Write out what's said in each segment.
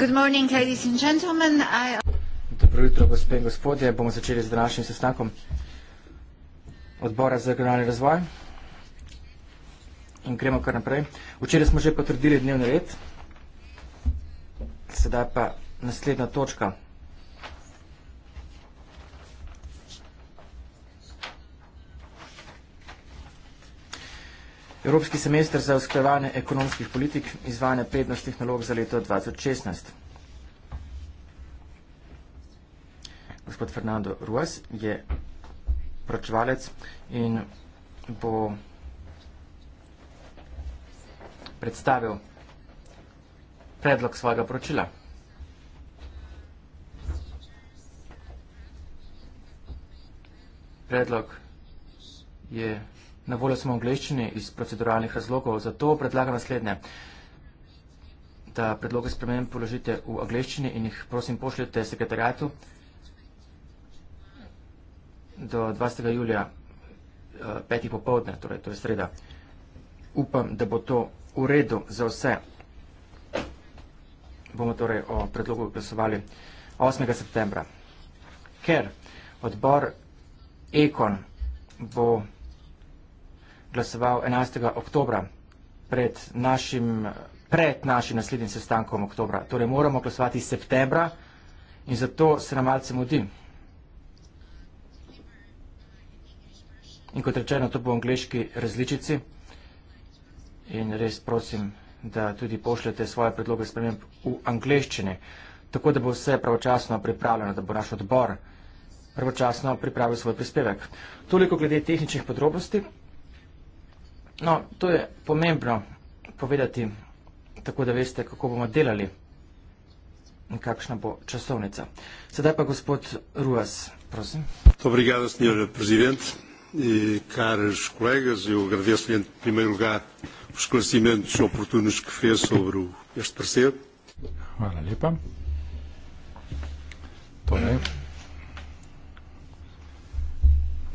Good morning, ladies and gentlemen. I... Dobro jutro, gospe in gospodje. Bomo začeli z današnjim sestankom odbora za regionalni razvoj. In gremo kar naprej. Včeraj smo že potrdili dnevni red, sedaj pa naslednja točka. Evropski semester za usklajevanje ekonomskih politik izvajanja prednostnih nalog za leto 2016. Gospod Fernando Ruas je pročevalec in bo predstavil predlog svojega pročila. Predlog je na voljo smo v angliščini iz proceduralnih razlogov, zato predlagam naslednje, da predloge spremenim položite v angliščini in jih prosim pošljete sekretarjatu do 20. julija eh, petih popovdne, torej to je sreda. Upam, da bo to v redu za vse. Bomo torej o predlogu glasovali 8. septembra. Ker odbor EKON bo vsega, glasoval 11. oktobra pred našim, pred našim naslednjim sestankom oktobra. Torej moramo glasovati septembra in zato se nam malce mudi. In kot rečeno, to bo v angliški različici in res prosim, da tudi pošljate svoje predloge sprememb v angliščini, tako da bo vse pravočasno pripravljeno, da bo naš odbor pravočasno pripravil svoj prispevek. Toliko glede tehničnih podrobnosti. No, to je pomembno povedati, tako da veste, kako bomo delali in kakšna bo časovnica. Sedaj pa gospod Ruas, prosim. Obrigado, senjor prezident. E, caros colegas, eu agradeço-lhe em primeiro lugar os esclarecimentos oportunos que fez sobre o, este parecer. Hvala lepa. Torej,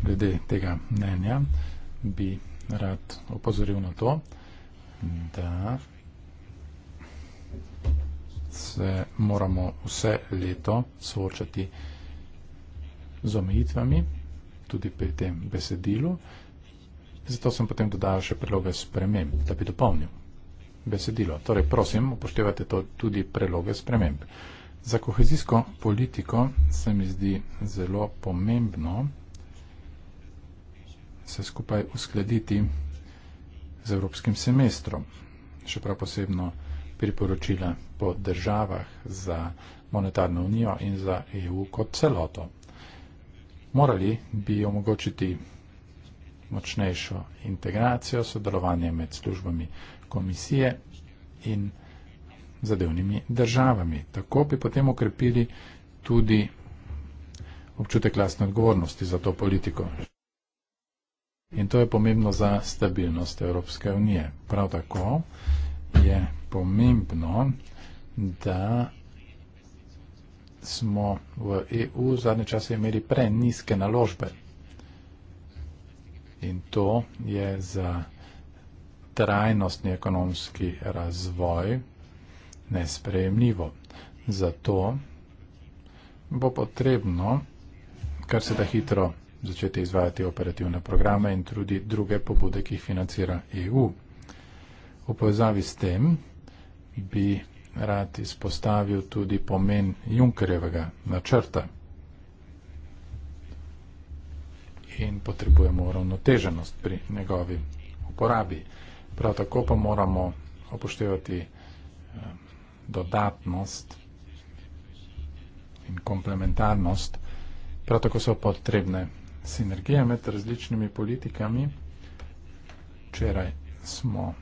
glede tega mnenja, bi rad opozoril na to, da se moramo vse leto soočati z omejitvami, tudi pri tem besedilu. Zato sem potem dodal še preloge sprememb, da bi dopolnil besedilo. Torej, prosim, upoštevajte to tudi preloge sprememb. Za kohezijsko politiko se mi zdi zelo pomembno, vse skupaj uskladiti z evropskim semestrom, še prav posebno priporočila po državah za monetarno unijo in za EU kot celoto. Morali bi omogočiti močnejšo integracijo, sodelovanje med službami komisije in zadevnimi državami. Tako bi potem okrepili tudi občutek lastne odgovornosti za to politiko. In to je pomembno za stabilnost Evropske unije. Prav tako je pomembno, da smo v EU v zadnje čase imeli pre nizke naložbe. In to je za trajnostni ekonomski razvoj nesprejemljivo. Zato bo potrebno, kar se da hitro začeti izvajati operativne programe in tudi druge pobude, ki jih financira EU. V povezavi s tem bi rad izpostavil tudi pomen Junkerjevega načrta. In potrebujemo uravnoteženost pri njegovi uporabi. Prav tako pa moramo upoštevati eh, dodatnost in komplementarnost. Prav tako so potrebne sinergija med različnimi politikami. Včeraj smo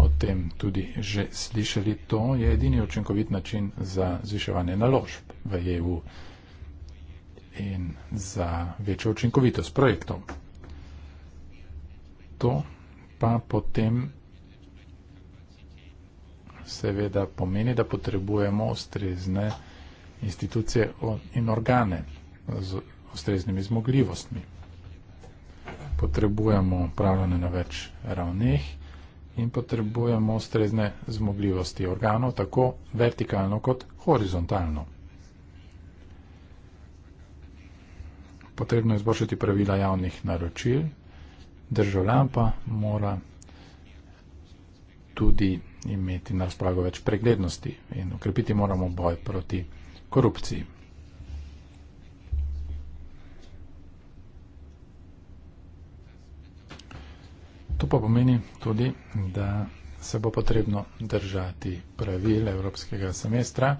o tem tudi že slišali, to je edini očinkovit način za zviševanje naložb v EU in za večjo očinkovitost projektov. To pa potem seveda pomeni, da potrebujemo ustrezne institucije in organe ustreznimi zmogljivostmi. Potrebujemo upravljanje na več ravneh in potrebujemo ustrezne zmogljivosti organov, tako vertikalno kot horizontalno. Potrebno je izboljšati pravila javnih naročil, državljan pa mora tudi imeti na razpolago več preglednosti in ukrepiti moramo boj proti korupciji. To pa pomeni tudi, da se bo potrebno držati pravil evropskega semestra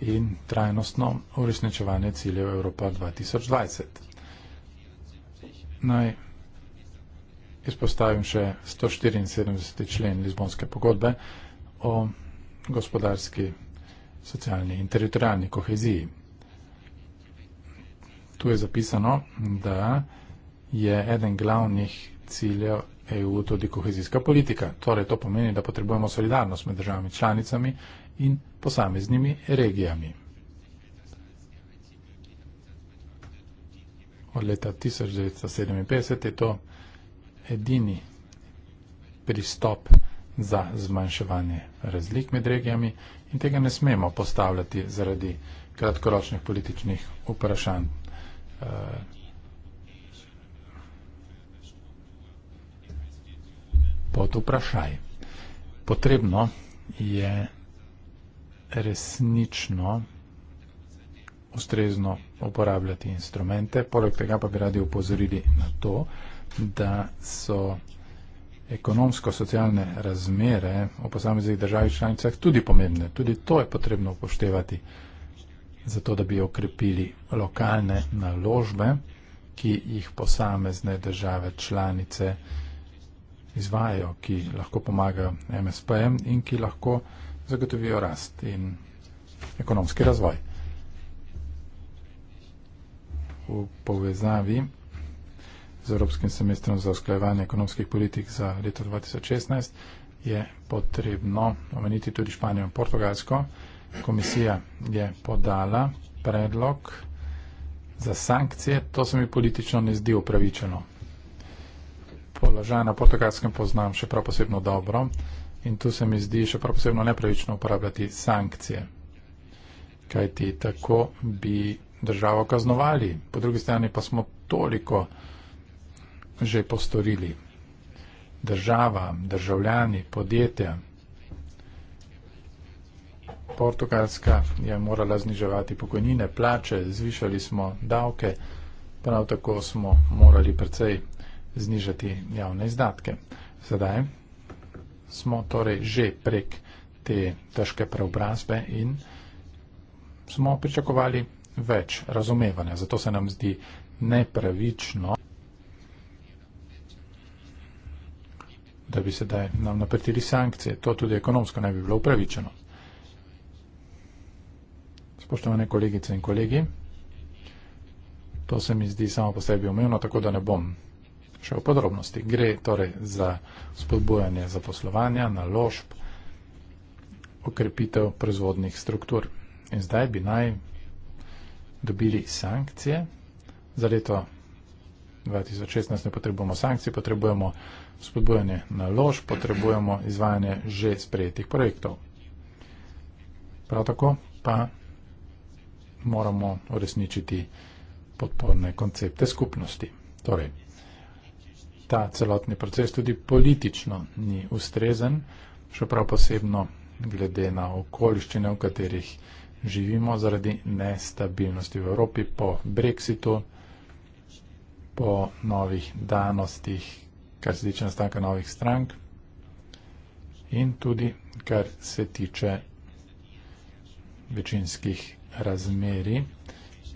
in trajnostno uresničevanje ciljev Evropa 2020. Naj izpostavim še 174. člen Lizbonske pogodbe o gospodarski, socialni in teritorijalni koheziji. Tu je zapisano, da je eden glavnih ciljev EU tudi kohezijska politika. Torej, to pomeni, da potrebujemo solidarnost med državami članicami in posameznimi regijami. Od leta 1957 je to edini pristop za zmanjševanje razlik med regijami in tega ne smemo postavljati zaradi kratkoročnih političnih vprašanj. Uh, pod vprašaj. Potrebno je resnično ustrezno uporabljati instrumente, poleg tega pa bi radi upozorili na to, da so ekonomsko-socialne razmere v posameznih državih članicah tudi pomembne. Tudi to je potrebno upoštevati, zato da bi okrepili lokalne naložbe, ki jih posamezne države članice imajo izvajajo, ki lahko pomagajo MSP-jem in ki lahko zagotovijo rast in ekonomski razvoj. V povezavi z Evropskim semestrom za usklajevanje ekonomskih politik za leto 2016 je potrebno omeniti tudi Španijo in Portugalsko. Komisija je podala predlog za sankcije. To se mi politično ne zdi upravičeno položaj na portugalskem poznam še prav posebno dobro in tu se mi zdi še prav posebno nepravično uporabljati sankcije. Kajti tako bi državo kaznovali, po drugi strani pa smo toliko že postorili. Država, državljani, podjetja. Portugalska je morala zniževati pokojnine, plače, zvišali smo davke, prav tako smo morali precej znižati javne izdatke. Sedaj smo torej že prek te težke preobrazbe in smo pričakovali več razumevanja. Zato se nam zdi nepravično, da bi sedaj nam napretili sankcije. To tudi ekonomsko ne bi bilo upravičeno. Spoštovane kolegice in kolegi, to se mi zdi samo po sebi umevno, tako da ne bom še v podrobnosti. Gre torej za spodbujanje zaposlovanja, naložb, okrepitev proizvodnih struktur. In zdaj bi naj dobili sankcije. Za leto 2016 ne potrebujemo sankcij, potrebujemo spodbujanje naložb, potrebujemo izvajanje že sprejetih projektov. Prav tako pa moramo uresničiti podporne koncepte skupnosti. Torej, ta celotni proces tudi politično ni ustrezen, še prav posebno glede na okoliščine, v katerih živimo zaradi nestabilnosti v Evropi po Brexitu, po novih danostih, kar se tiče nastanka novih strank in tudi kar se tiče večinskih razmeri,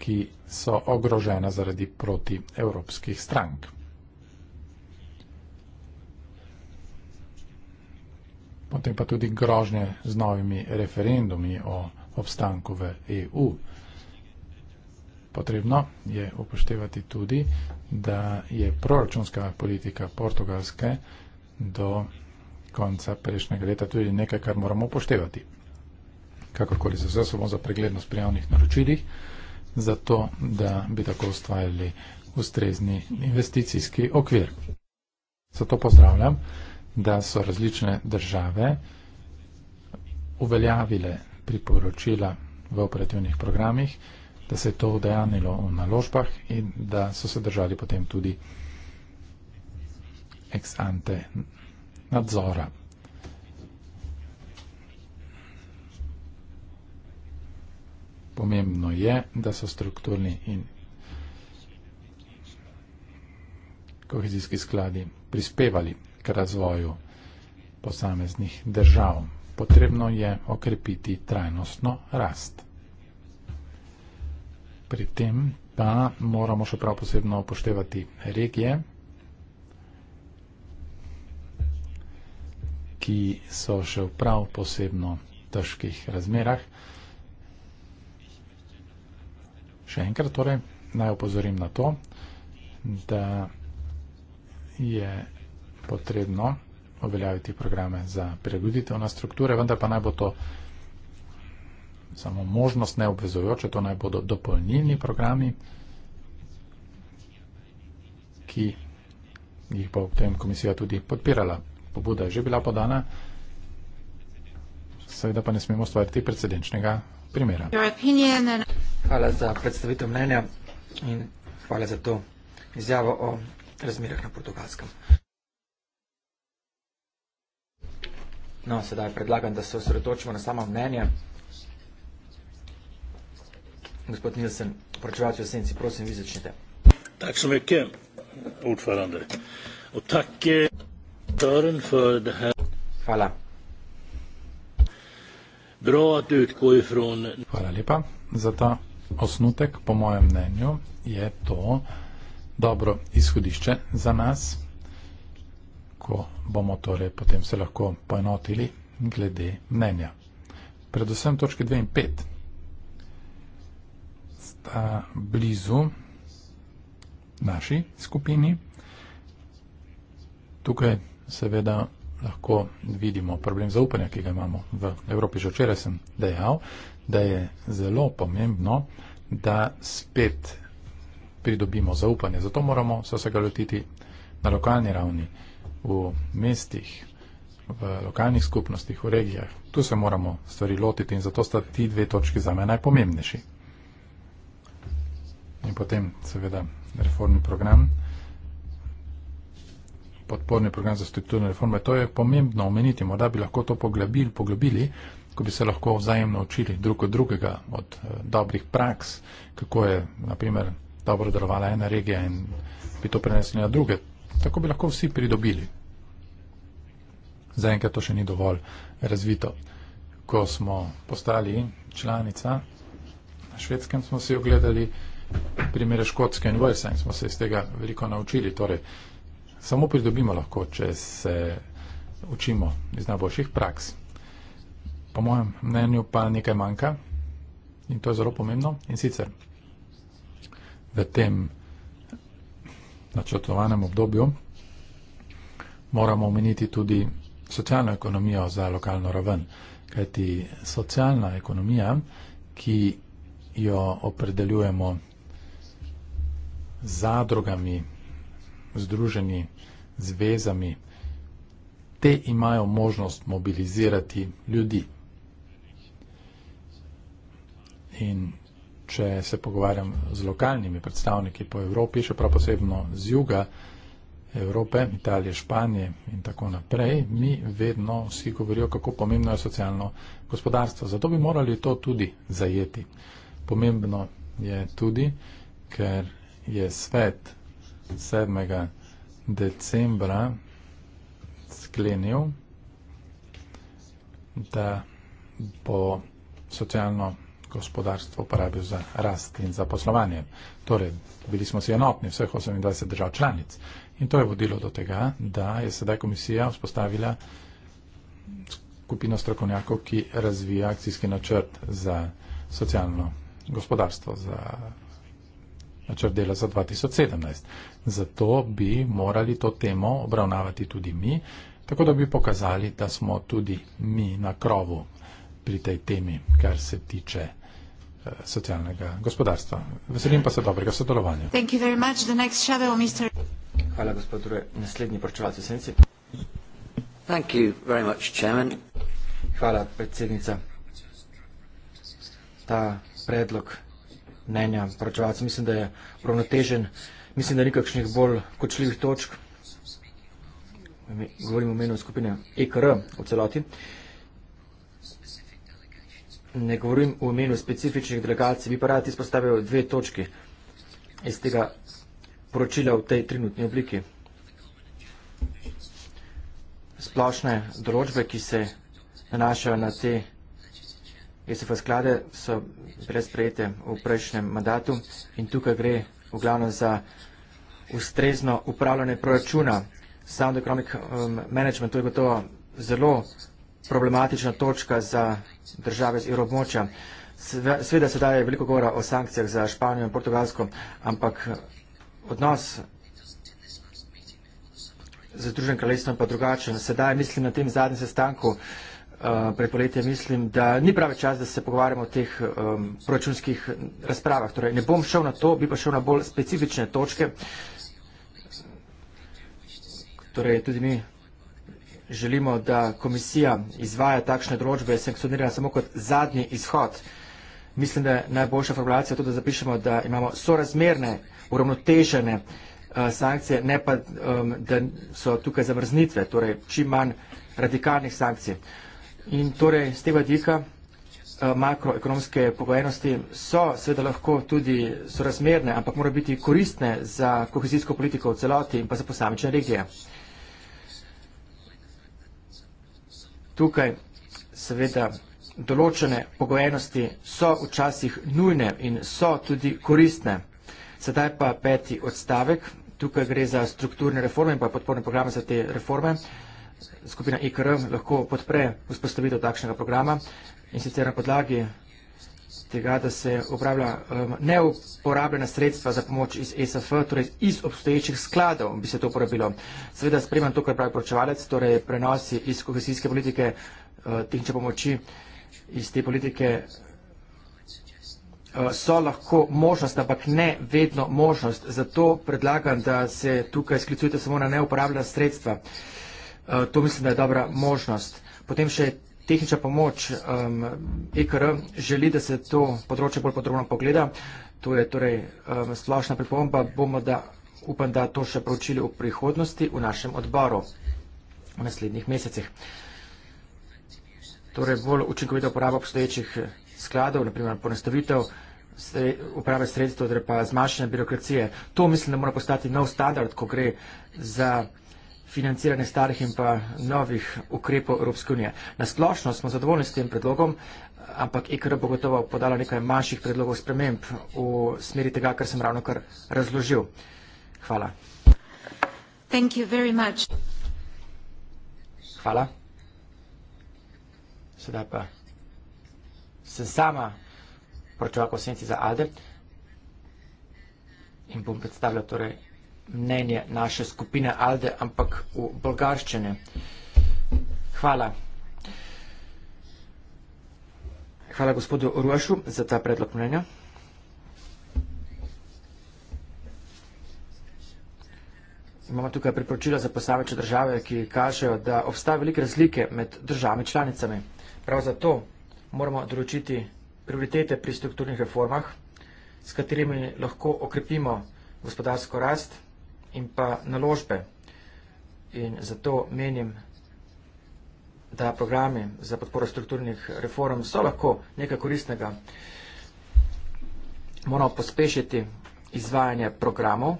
ki so ogrožena zaradi proti evropskih strank. potem pa tudi grožnje z novimi referendumi o obstanku v EU. Potrebno je upoštevati tudi, da je proračunska politika portugalske do konca prejšnjega leta tudi nekaj, kar moramo upoštevati. Kakorkoli se vse samo za preglednost pri javnih naročilih, zato da bi tako ustvarjali ustrezni investicijski okvir. Zato pozdravljam da so različne države uveljavile priporočila v operativnih programih, da se je to udejanilo v naložbah in da so se držali potem tudi ex ante nadzora. Pomembno je, da so strukturni in kohezijski skladi prispevali k razvoju posameznih držav. Potrebno je okrepiti trajnostno rast. Pri tem pa moramo še prav posebno upoštevati regije, ki so še v prav posebno težkih razmerah. Še enkrat torej naj opozorim na to, da je potrebno uveljaviti programe za prilagoditev na strukture, vendar pa naj bo to samo možnost neobvezujoče, to naj bodo dopolnilni programi, ki jih bo ob tem komisija tudi podpirala. Pobuda je že bila podana, seveda pa ne smemo stvariti precedenčnega primera. Hvala za predstavitev mnenja in hvala za to izjavo o razmerah na portugalskem. No, sedaj predlagam, da se osredotočimo na samo mnenje. Gospod Nilsen, poročevalci v senci, prosim, vi začnite. Tak som ikke, ordförande. Och tack dörren för det här. Hvala. Bra att utgå ifrån. Hvala lepa za ta osnutek. Po mojem mnenju je to dobro izhodišče za nas, ko bomo torej potem se lahko poenotili glede mnenja. Predvsem točke 2 in 5 sta blizu naši skupini. Tukaj seveda lahko vidimo problem zaupanja, ki ga imamo v Evropi. Že včeraj sem dejal, da je zelo pomembno, da spet pridobimo zaupanje. Zato moramo se vsega lotiti na lokalni ravni v mestih, v lokalnih skupnostih, v regijah. Tu se moramo stvari lotiti in zato sta ti dve točki za me najpomembnejši. In potem seveda reformni program, podporni program za strukturne reforme. To je pomembno omeniti, morda bi lahko to poglobili, poglobili ko bi se lahko vzajemno učili drug od drugega od eh, dobrih praks, kako je naprimer dobro delovala ena regija in bi to prenesli na druge tako bi lahko vsi pridobili. Zaenkrat to še ni dovolj razvito. Ko smo postali članica, na švedskem smo si ogledali primere škotske in vrsa in smo se iz tega veliko naučili. Torej, samo pridobimo lahko, če se učimo iz najboljših praks. Po mojem mnenju pa nekaj manjka in to je zelo pomembno in sicer v tem načrtovanem obdobju. Moramo omeniti tudi socialno ekonomijo za lokalno raven, kajti socialna ekonomija, ki jo opredeljujemo zadrugami, združeni, zvezami, te imajo možnost mobilizirati ljudi. In če se pogovarjam z lokalnimi predstavniki po Evropi, še prav posebno z juga Evrope, Italije, Španije in tako naprej, mi vedno vsi govorijo, kako pomembno je socialno gospodarstvo. Zato bi morali to tudi zajeti. Pomembno je tudi, ker je svet 7. decembra sklenil, da bo socialno gospodarstvo uporabil za rast in za poslovanje. Torej, bili smo si enotni vseh 28 držav članic in to je vodilo do tega, da je sedaj komisija vzpostavila skupino strokovnjakov, ki razvija akcijski načrt za socialno gospodarstvo, za načrt dela za 2017. Zato bi morali to temo obravnavati tudi mi, tako da bi pokazali, da smo tudi mi na krovu pri tej temi, kar se tiče Eh, socialnega gospodarstva. Veselim pa se dobrega sodelovanja. Shadow, Mr... Hvala, gospod Rue. Naslednji poročevalci v senci. Much, Hvala, predsednica. Ta predlog mnenja poročevalcev mislim, da je ravnotežen. Mislim, da ni kakšnih bolj kočljivih točk. Govorimo o imenu skupine EKR v celoti. Uh, ne govorim v imenu specifičnih delegacij, bi pa rad izpostavil dve točke iz tega poročila v tej trenutni obliki. Splošne določbe, ki se nanašajo na te ESF sklade, so bile sprejete v prejšnjem mandatu in tukaj gre v glavno za ustrezno upravljanje proračuna. Sound economic um, management, to je gotovo zelo problematična točka za države z evroobmočja. Sveda sedaj je veliko govora o sankcijah za Španijo in Portugalsko, ampak odnos za Združen kraljestvo pa drugačen. Sedaj mislim na tem zadnjem sestanku eh, pred poletjem, mislim, da ni pravi čas, da se pogovarjamo o teh proračunskih razpravah. Torej, ne bom šel na to, bi pa šel na bolj specifične točke. Torej, tudi mi želimo, da komisija izvaja takšne določbe, sankcionira samo kot zadnji izhod. Mislim, da je najboljša formulacija to, da zapišemo, da imamo sorazmerne, uravnotežene eh, sankcije, ne pa, da so tukaj zamrznitve, torej čim manj radikalnih sankcij. In torej z tega dika eh, makroekonomske pogojenosti so seveda lahko tudi sorazmerne, ampak morajo biti koristne za kohezijsko politiko v celoti in pa za posamične regije. tukaj seveda določene pogojenosti so včasih nujne in so tudi koristne. Sedaj pa peti odstavek, tukaj gre za strukturne reforme in pa podporne programe za te reforme. Skupina IKR lahko podpre vzpostavitev takšnega programa in sicer na podlagi tega, da se uporablja um, neuporabljena sredstva za pomoč iz e SF, torej iz obstoječih skladov bi se to uporabilo. Seveda spremem to, kar pravi poročevalec, torej prenosi iz kohezijske politike uh, tehnične pomoči iz te politike uh, so lahko možnost, ampak ne vedno možnost. Zato predlagam, da se tukaj sklicujete samo na neuporabljena sredstva. Uh, to mislim, da je dobra možnost. Potem še tehnična pomoč um, EKR želi, da se to področje bolj podrobno pogleda. To je torej um, splošna pripomba. Bomo, da upam, da to še pročili v prihodnosti v našem odboru v naslednjih mesecih. Torej bolj učinkovito uporabo obstoječih skladov, naprimer ponestavitev uprave sredstva, torej pa zmanjšanje birokracije. To mislim, da mora postati nov standard, ko gre za financiranje starih in pa novih ukrepov Evropske unije. Nasplošno smo zadovoljni s tem predlogom, ampak IKR e bo gotovo podala nekaj manjših predlogov sprememb v smeri tega, kar sem ravno kar razložil. Hvala. Thank you very much. Hvala. Sedaj pa sem sama pročevalka v senci za ALDE in bom predstavljal torej mnenje naše skupine Alde, ampak v bolgarščine. Hvala. Hvala gospodu Ruašu za ta predlog mnenja. Imamo tukaj priporočila za posameče države, ki kažejo, da obstaja velike razlike med državami članicami. Prav zato moramo določiti prioritete pri strukturnih reformah, s katerimi lahko okrepimo gospodarsko rast, in pa naložbe. In zato menim, da programi za podporo strukturnih reform so lahko nekaj koristnega. Moramo pospešiti izvajanje programov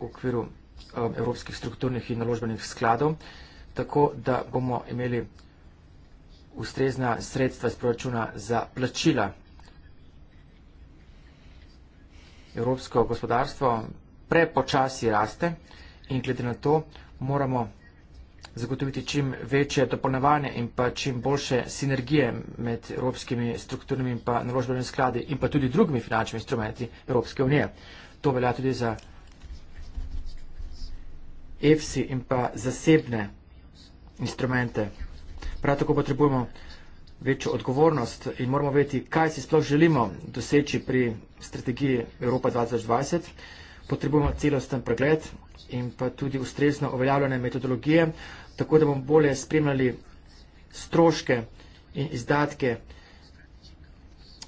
v okviru um, evropskih strukturnih in naložbenih skladov, tako da bomo imeli ustrezna sredstva iz proračuna za plačila. Evropsko gospodarstvo prepočasi raste in glede na to moramo zagotoviti čim večje dopolnevanje in pa čim boljše sinergije med evropskimi strukturnimi in pa naložbenimi skladi in pa tudi drugimi finančnimi instrumenti Evropske unije. To velja tudi za EFSI in pa zasebne instrumente. Prav tako potrebujemo večjo odgovornost in moramo vedeti, kaj si sploh želimo doseči pri strategiji Evropa 2020 potrebujemo celosten pregled in pa tudi ustrezno uveljavljene metodologije, tako da bomo bolje spremljali stroške in izdatke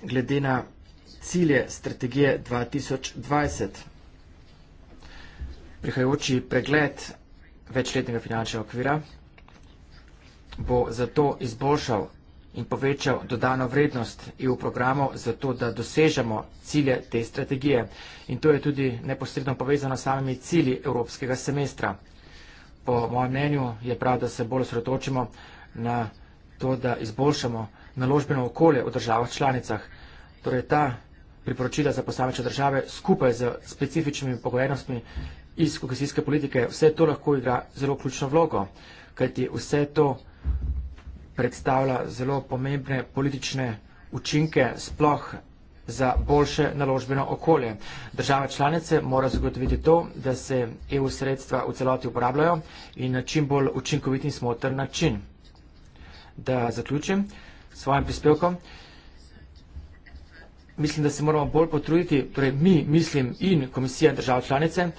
glede na cilje strategije 2020. Prihajajoči pregled večletnega finančnega okvira bo zato izboljšal in povečal dodano vrednost EU programov za to, da dosežemo cilje te strategije. In to je tudi neposredno povezano s samimi cilji evropskega semestra. Po mojem mnenju je prav, da se bolj osredotočimo na to, da izboljšamo naložbeno okolje v državah članicah. Torej ta priporočila za posamečne države skupaj z specifičnimi pogojenostmi iz kohezijske politike, vse to lahko igra zelo ključno vlogo, kajti vse to predstavlja zelo pomembne politične učinke sploh za boljše naložbeno okolje. Države članice mora zagotoviti to, da se EU sredstva v celoti uporabljajo in na čim bolj učinkovit in smotr način. Da zaključim s svojim prispevkom, mislim, da se moramo bolj potruditi, torej mi, mislim in komisija držav članice,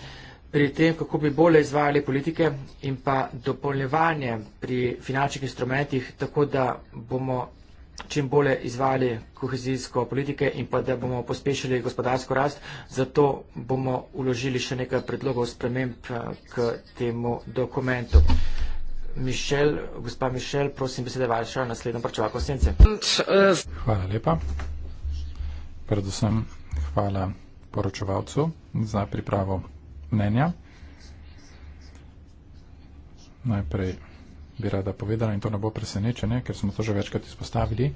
pri tem, kako bi bolje izvajali politike in pa dopolnjevanje pri finančnih instrumentih, tako da bomo čim bolje izvajali kohezijsko politike in pa da bomo pospešili gospodarsko rast. Zato bomo uložili še nekaj predlogov sprememb eh, k temu dokumentu. Mišel, gospa Mišel, prosim, besede vaša naslednjo pričevako sence. Hvala lepa. Predvsem hvala poročevalcu za pripravo mnenja. Najprej bi rada povedala, in to ne bo presenečenje, ker smo to že večkrat izpostavili,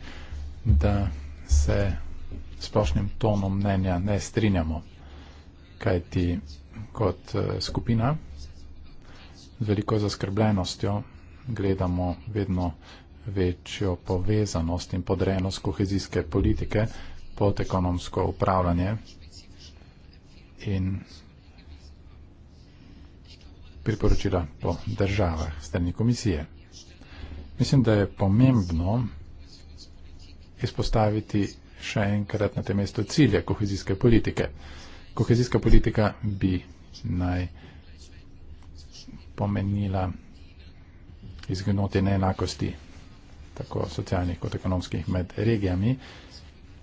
da se splošnim tonom mnenja ne strinjamo, kajti kot eh, skupina z veliko zaskrbljenostjo gledamo vedno večjo povezanost in podrejenost kohezijske politike pod ekonomsko upravljanje in priporočila po državah strani komisije. Mislim, da je pomembno izpostaviti še enkrat na tem mestu cilje kohezijske politike. Kohezijska politika bi naj pomenila izgnoti neenakosti, tako socialnih kot ekonomskih, med regijami.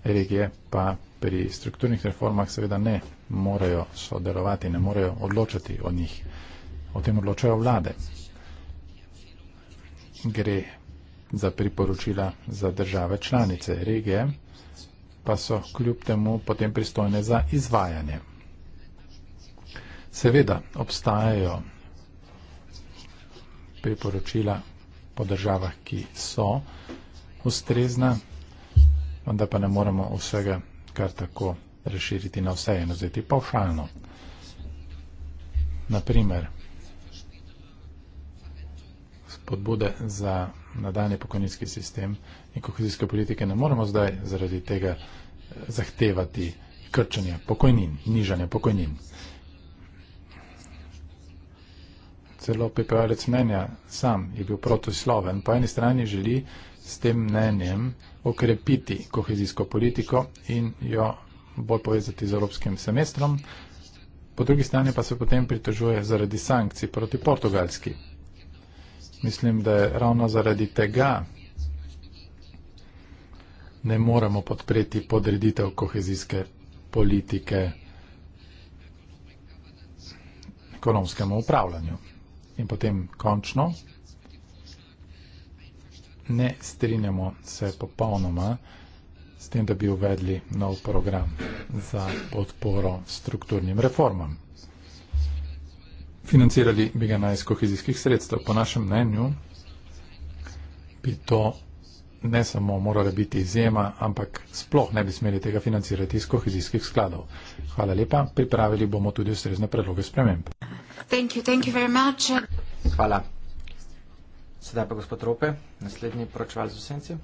Regije pa pri strukturnih reformah seveda ne morejo sodelovati, ne morejo odločati o njih. O tem odločajo vlade. Gre za priporočila za države članice. Regije pa so kljub temu potem pristojne za izvajanje. Seveda obstajajo priporočila po državah, ki so ustrezna, vendar pa ne moremo vsega kar tako razširiti na vse in vzeti pavšalno. Naprimer, podbude za nadaljni pokojninski sistem in kohezijske politike ne moremo zdaj zaradi tega eh, zahtevati krčanja pokojnin, nižanja pokojnin. Celo pepevalec mnenja sam je bil protisloven, po eni strani želi s tem mnenjem okrepiti kohezijsko politiko in jo bolj povezati z evropskim semestrom, po drugi strani pa se potem pritožuje zaradi sankcij proti portugalski Mislim, da je ravno zaradi tega ne moremo podpreti podreditev kohezijske politike ekonomskemu upravljanju. In potem končno ne strinjamo se popolnoma s tem, da bi uvedli nov program za podporo strukturnim reformam financirali bi ga naj iz kohezijskih sredstev. Po našem mnenju bi to ne samo morala biti izjema, ampak sploh ne bi smeli tega financirati iz kohezijskih skladov. Hvala lepa, pripravili bomo tudi ustrezne predloge sprememb. Thank you, thank you Hvala. Sedaj pa gospod Rope, naslednji poročval z vsemci.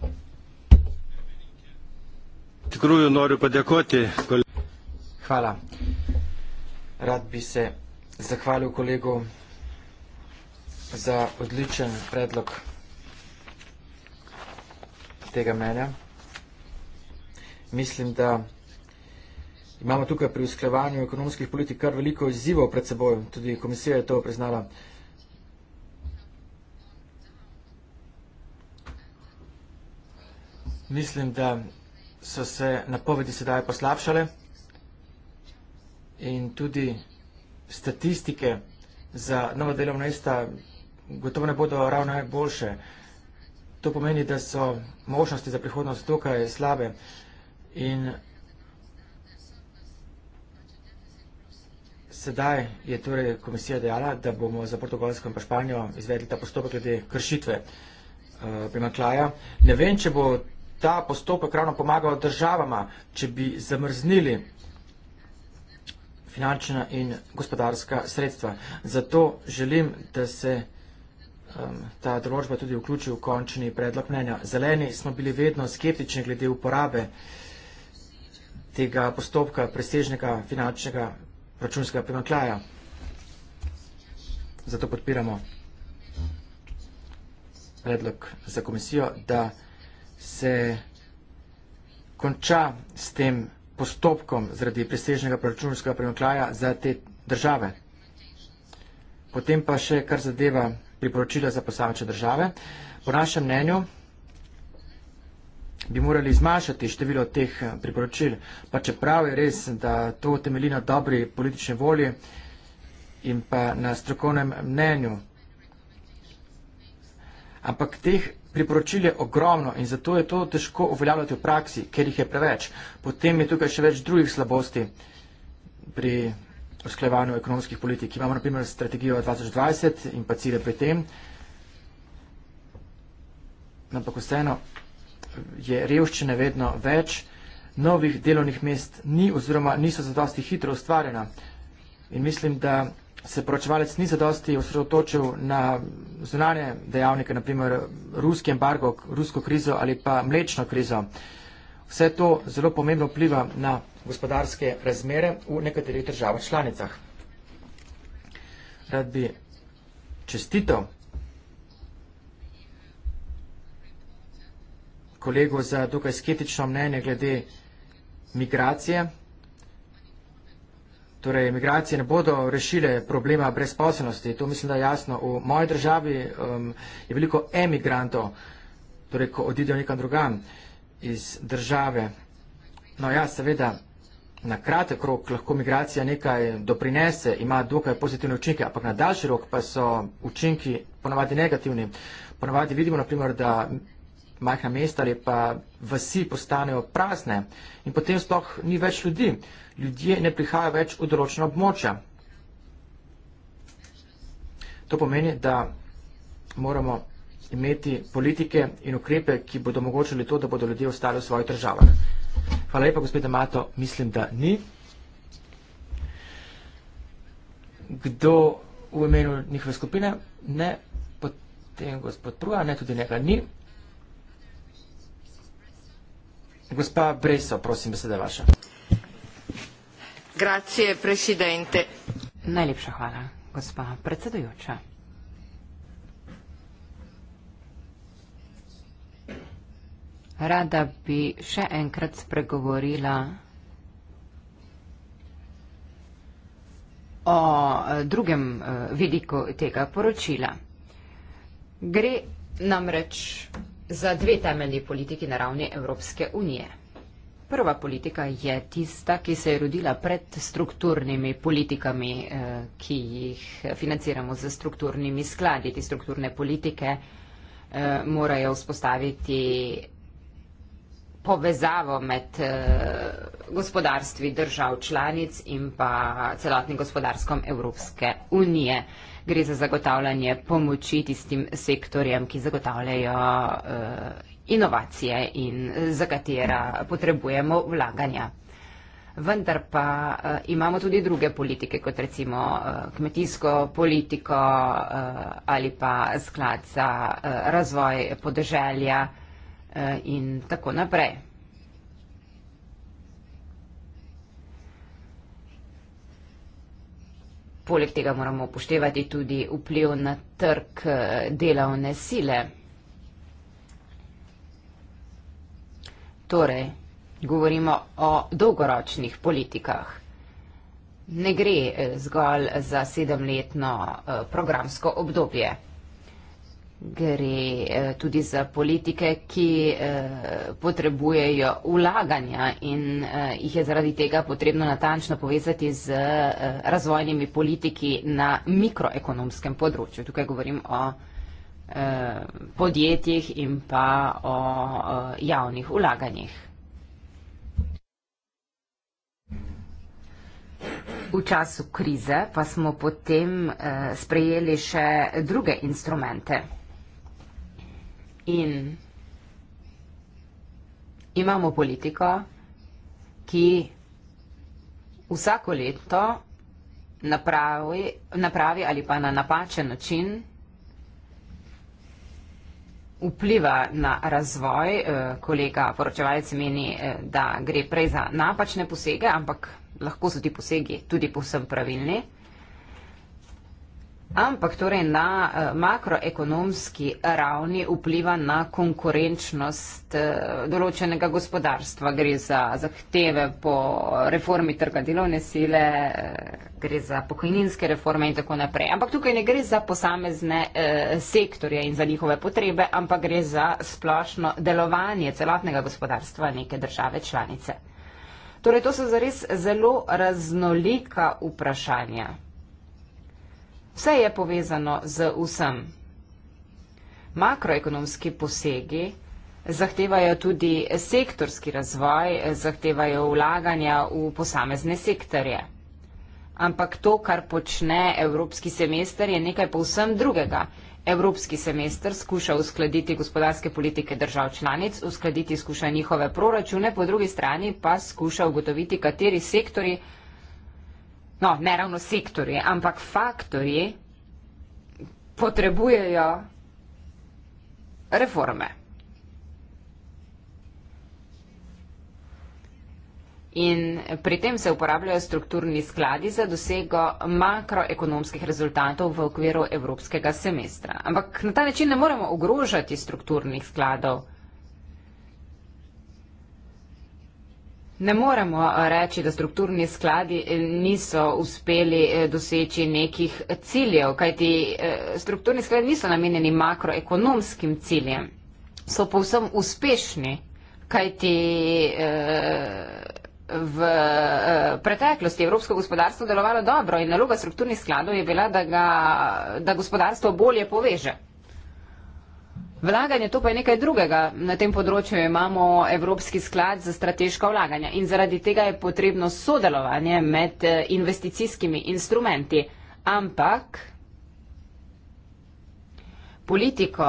Hvala. Rad bi se zahvalil kolegu za odličen predlog tega mene. Mislim, da imamo tukaj pri usklevanju ekonomskih politik kar veliko izzivov pred seboj. Tudi komisija je to priznala. Mislim, da so se napovedi sedaj poslabšale in tudi statistike za nova delovna mesta gotovo ne bodo ravno najboljše. To pomeni, da so možnosti za prihodnost dokaj slabe in sedaj je torej komisija dejala, da bomo za Portugalsko in pa Španijo izvedli ta postopek glede kršitve eh, primaklaja. Ne vem, če bo ta postopek ravno pomagal državama, če bi zamrznili finančna in gospodarska sredstva. Zato želim, da se um, ta določba tudi vključi v končni predlog mnenja. Zeleni smo bili vedno skeptični glede uporabe tega postopka presežnega finančnega računskega primanklaja. Zato podpiramo predlog za komisijo, da se konča s tem postopkom zaradi presežnega proračunskega premaklaja za te države. Potem pa še kar zadeva priporočila za posavče države. Po našem mnenju bi morali zmanjšati število teh eh, priporočil, pa čeprav je res, da to temelji na dobri politični volji in pa na strokovnem mnenju. Ampak teh priporočil je ogromno in zato je to težko uveljavljati v praksi, ker jih je preveč. Potem je tukaj še več drugih slabosti pri usklajevanju ekonomskih politik. Imamo na primer strategijo 2020 in pa cilje pri tem. Ampak vseeno je revščine vedno več, novih delovnih mest ni oziroma niso zadosti hitro ustvarjena. In mislim, da se poročevalec ni zadosti osredotočil na zunanje dejavnike, naprimer ruski embargo, rusko krizo ali pa mlečno krizo. Vse to zelo pomembno vpliva na gospodarske razmere v nekaterih državah članicah. Rad bi čestito kolegu za dokaj skeptično mnenje glede migracije. Torej, migracije ne bodo rešile problema brezposobnosti. To mislim, da je jasno. V moji državi um, je veliko emigrantov, torej, ko odidejo nekam drugam iz države. No ja, seveda, na kratek rok lahko migracija nekaj doprinese, ima dokaj pozitivne učinke, ampak na daljši rok pa so učinki ponavadi negativni. Ponavadi vidimo, naprimer, da majhna mesta ali pa vasi postanejo prazne in potem sploh ni več ljudi. Ljudje ne prihajajo več v določeno območje. To pomeni, da moramo imeti politike in ukrepe, ki bodo omogočili to, da bodo ljudje ostali v svojih državah. Hvala lepa, gospod Amato, mislim, da ni. Kdo v imenu njihove skupine? Ne, potem gospod Pruga, ne, tudi njega ni. Gospa Breso, prosim, beseda vaša. Grazie, presidente. Najlepša hvala, gospa predsedujoča. Rada bi še enkrat spregovorila o eh, drugem eh, vidiku tega poročila. Gre namreč za dve temeljni politiki na ravni Evropske unije. Prva politika je tista, ki se je rodila pred strukturnimi politikami, eh, ki jih financiramo z strukturnimi skladi. Te strukturne politike eh, morajo vzpostaviti povezavo med eh, gospodarstvi držav članic in pa celotnim gospodarskom Evropske unije gre za zagotavljanje pomoči tistim sektorjem, ki zagotavljajo eh, inovacije in eh, za katera potrebujemo vlaganja. Vendar pa eh, imamo tudi druge politike, kot recimo kmetijsko politiko ali pa sklad za razvoj podeželja in tako naprej. Poleg tega moramo upoštevati tudi vpliv na trg eh, delovne sile. Torej, govorimo o dolgoročnih politikah. Ne gre eh, zgolj za sedemletno eh, programsko obdobje gre eh, tudi za politike, ki eh, potrebujejo ulaganja in eh, jih je zaradi tega potrebno natančno povezati z razvojnimi politiki na mikroekonomskem področju. Tukaj govorim o podjetjih in pa o javnih ulaganjih. V času krize pa smo potem sprejeli še druge instrumente. In imamo politiko, ki vsako leto napravi, napravi ali pa na napačen način vpliva na razvoj. Eh, kolega poročevalec meni, eh, da gre prej za napačne posege, ampak lahko so ti posegi tudi povsem pravilni. Ampak torej na eh, makroekonomski ravni vpliva na konkurenčnost eh, določenega gospodarstva. Gre za zahteve po reformi trga delovne sile, eh, gre za pokojninske reforme in tako naprej. Ampak tukaj ne gre za posamezne sektorje in za njihove potrebe, ampak gre za splošno delovanje celotnega gospodarstva neke države članice. Torej to so zares zelo raznolika vprašanja. Vse je povezano z vsem. Makroekonomski posegi zahtevajo tudi sektorski razvoj, zahtevajo vlaganja v posamezne sektorje. Ampak to, kar počne Evropski semester, je nekaj povsem drugega. Evropski semester skuša uskladiti gospodarske politike držav članic, uskladiti skuša njihove proračune, po drugi strani pa skuša ugotoviti, kateri sektori no, ne ravno sektorji, ampak faktori potrebujejo reforme. In pri tem se uporabljajo strukturni skladi za dosego makroekonomskih rezultatov v okviru evropskega semestra. Ampak na ta način ne moremo ogrožati strukturnih skladov Ne moremo reči, da strukturni skladi eh, niso uspeli eh, doseči nekih ciljev, kajti eh, strukturni skladi niso namenjeni makroekonomskim ciljem. So povsem uspešni, kajti v preteklosti evropsko gospodarstvo delovalo dobro in naloga strukturnih skladov je bila, da, ga, da gospodarstvo bolje poveže. Vlaganje, to pa je nekaj drugega. Na tem področju imamo Evropski sklad za strateška vlaganja in zaradi tega je potrebno sodelovanje med eh, investicijskimi instrumenti. Ampak politiko,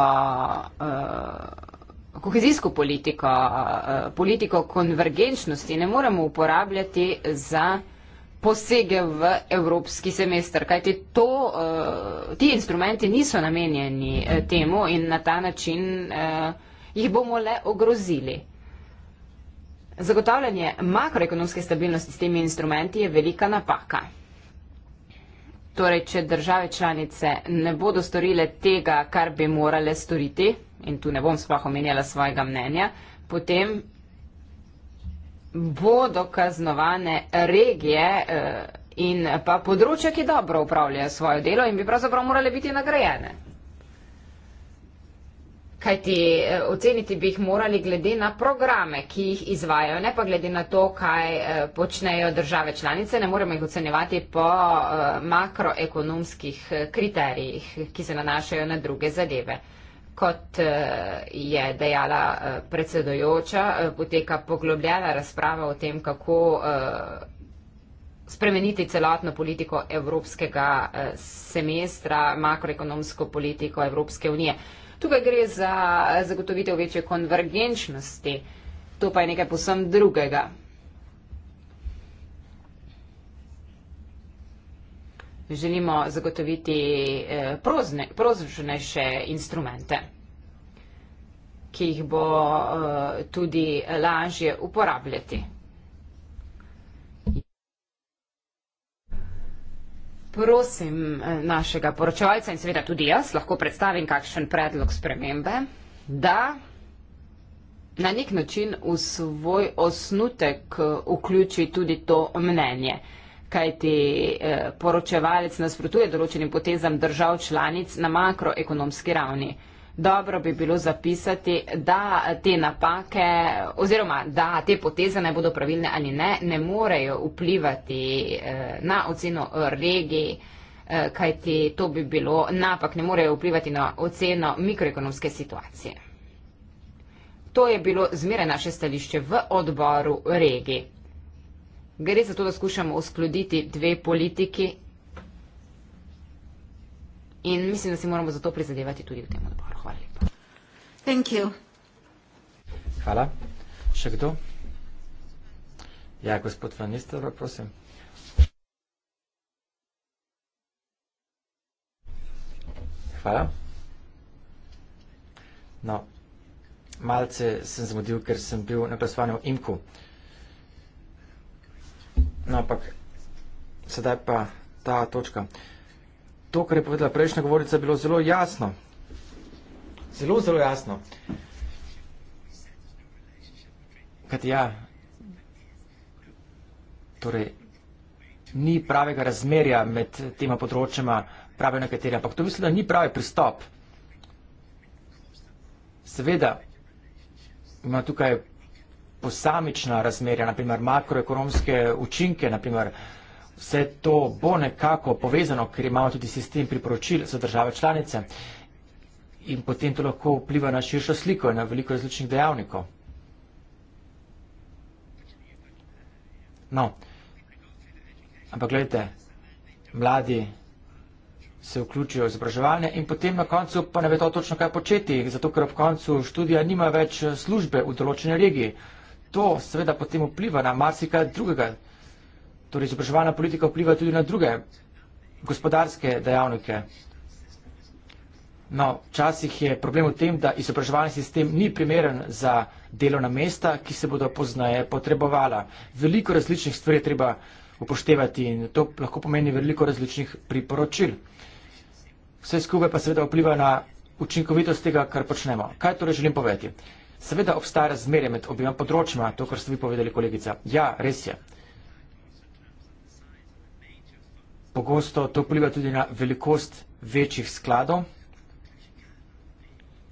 uh, kohezijsko politiko, uh, politiko konvergenčnosti ne moremo uporabljati za posege v evropski semester, kajti to, eh, ti instrumenti niso namenjeni eh, temu in na ta način eh, jih bomo le ogrozili. Zagotavljanje makroekonomske stabilnosti s temi instrumenti je velika napaka. Torej, če države članice ne bodo storile tega, kar bi morale storiti, in tu ne bom sploh omenjala svojega mnenja, potem bodo kaznovane regije eh, in pa področja, ki dobro upravljajo svojo delo in bi pravzaprav morale biti nagrajene. Kaj ti eh, oceniti bi jih morali glede na programe, ki jih izvajajo, ne pa glede na to, kaj eh, počnejo države članice, ne moremo jih ocenjevati po makroekonomskih kriterijih, ki se nanašajo na druge zadeve. Kot eh, je dejala eh, predsedojoča, eh, poteka poglobljena razprava o tem, kako spremeniti celotno politiko evropskega semestra, makroekonomsko politiko Evropske unije. Tukaj gre za zagotovitev večje konvergenčnosti. To pa je nekaj posem drugega. želimo zagotoviti eh, prožnejše instrumente, ki jih bo eh, tudi lažje uporabljati. Prosim eh, našega poročevalca in seveda tudi jaz lahko predstavim kakšen predlog spremembe, da na nek način v svoj osnutek vključi tudi to mnenje kajti eh, poročevalec nasprotuje določenim potezam držav članic na makroekonomski ravni. Dobro bi bilo zapisati, da te napake oziroma da te poteze naj bodo pravilne ali ne, ne morejo vplivati eh, na oceno regiji, eh, kajti to bi bilo napak, ne morejo vplivati na oceno mikroekonomske situacije. To je bilo zmeraj naše stališče v odboru regiji. Gre za to, da skušamo uskladiti dve politiki in mislim, da si moramo za to prizadevati tudi v tem odboru. Hvala lepa. Thank you. Hvala. Še kdo? Ja, gospod Vanistar, prosim. Hvala. No, malce sem zamudil, ker sem bil na glasovanju v IMKU. No, ampak sedaj pa ta točka. To, kar je povedala prejšnja govornica, je bilo zelo jasno. Zelo, zelo jasno. Kaj ja, torej, ni pravega razmerja med tema področjama, pravi nekateri, ampak to mislim, da ni pravi pristop. Seveda, ima tukaj posamična razmerja, naprimer makroekonomske učinke, naprimer vse to bo nekako povezano, ker imamo tudi sistem priporočil za države članice in potem to lahko vpliva na širšo sliko in na veliko različnih dejavnikov. No, ampak gledajte, mladi se vključijo v izobraževanje in potem na koncu pa ne vedo točno, kaj početi, zato ker ob koncu študija nima več službe v določene regiji to seveda potem vpliva na marsikaj drugega. Torej, izobraževalna politika vpliva tudi na druge gospodarske dejavnike. No, včasih je problem v tem, da izobraževalni sistem ni primeren za delovna mesta, ki se bodo poznaje potrebovala. Veliko različnih stvari je treba upoštevati in to lahko pomeni veliko različnih priporočil. Vse skupaj pa seveda vpliva na učinkovitost tega, kar počnemo. Kaj torej želim povedati? Seveda obstaja razmerje med objema področjima, to, kar ste vi povedali, kolegica. Ja, res je. Pogosto to vpliva tudi na velikost večjih skladov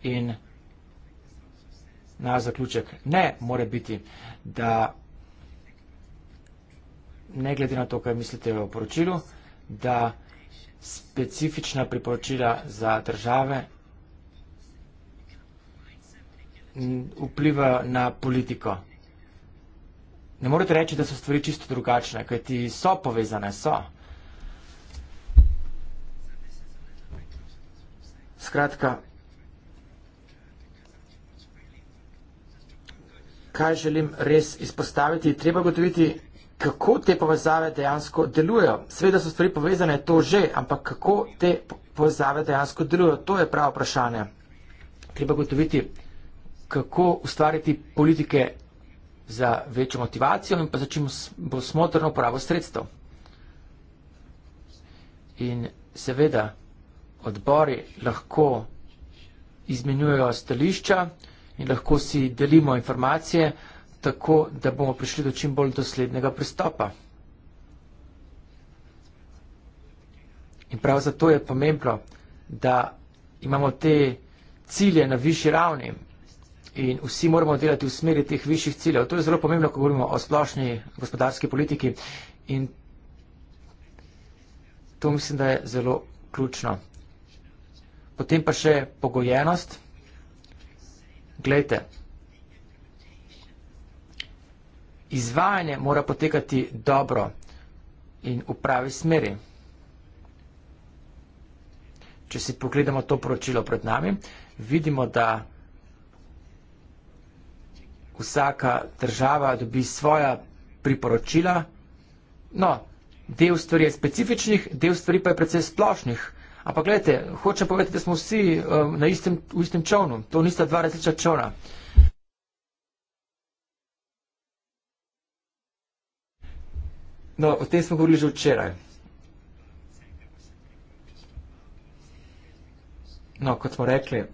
in na zaključek ne more biti, da ne glede na to, kaj mislite o poročilu, da specifična priporočila za države vpliva na politiko. Ne morete reči, da so stvari čisto drugačne, kajti so povezane, so. Skratka, kaj želim res izpostaviti, treba gotoviti, kako te povezave dejansko delujejo. Sveda so stvari povezane, to že, ampak kako te povezave dejansko delujejo, to je pravo vprašanje. Treba gotoviti, kako ustvariti politike za večjo motivacijo in pa za čim bolj smotrno uporabo sredstev. In seveda odbori lahko izmenjujejo stališča in lahko si delimo informacije, tako da bomo prišli do čim bolj doslednega pristopa. In prav zato je pomembno, da imamo te cilje na višji ravni in vsi moramo delati v smeri teh višjih ciljev. To je zelo pomembno, ko govorimo o splošni gospodarski politiki in to mislim, da je zelo ključno. Potem pa še pogojenost. Glejte, izvajanje mora potekati dobro in v pravi smeri. Če si pogledamo to poročilo pred nami, vidimo, da vsaka država dobi svoja priporočila. No, del stvari je specifičnih, del stvari pa je predvsej splošnih. Ampak gledajte, hočem povedati, da smo vsi um, na istem, v istem čovnu, to nista dva različna čovna. No, o tem smo govorili že včeraj. No, kot smo rekli,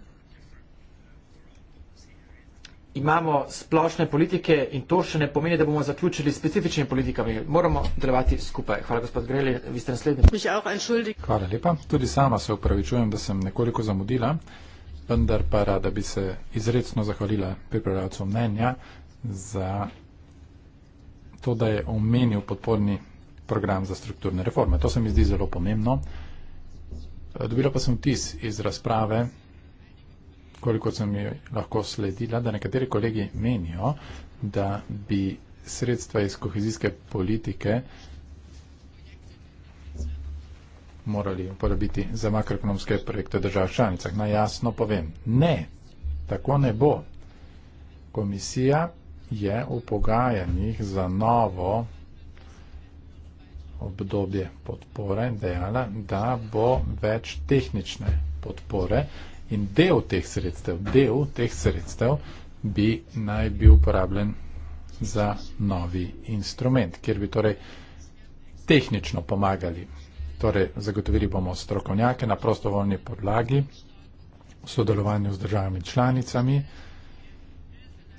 imamo splošne politike in to še ne pomeni, da bomo zaključili specifičnimi politikami. Moramo delovati skupaj. Hvala, gospod Greli, vi ste naslednji. Hvala lepa. Tudi sama se upravičujem, da sem nekoliko zamudila, vendar pa rada bi se izredno zahvalila pripravljavcu mnenja za to, da je omenil podporni program za strukturne reforme. To se mi zdi zelo pomembno. Dobila pa sem tis iz razprave koliko sem jih lahko sledila, da nekateri kolegi menijo, da bi sredstva iz kohezijske politike morali uporabiti za makroekonomske projekte držav članicah. Naj jasno povem, ne, tako ne bo. Komisija je v pogajanjih za novo obdobje podpore dejala, da bo več tehnične podpore In del teh sredstev, del teh sredstev bi naj bil uporabljen za novi instrument, kjer bi torej tehnično pomagali. Torej, zagotovili bomo strokovnjake na prostovoljni podlagi v sodelovanju z državami članicami.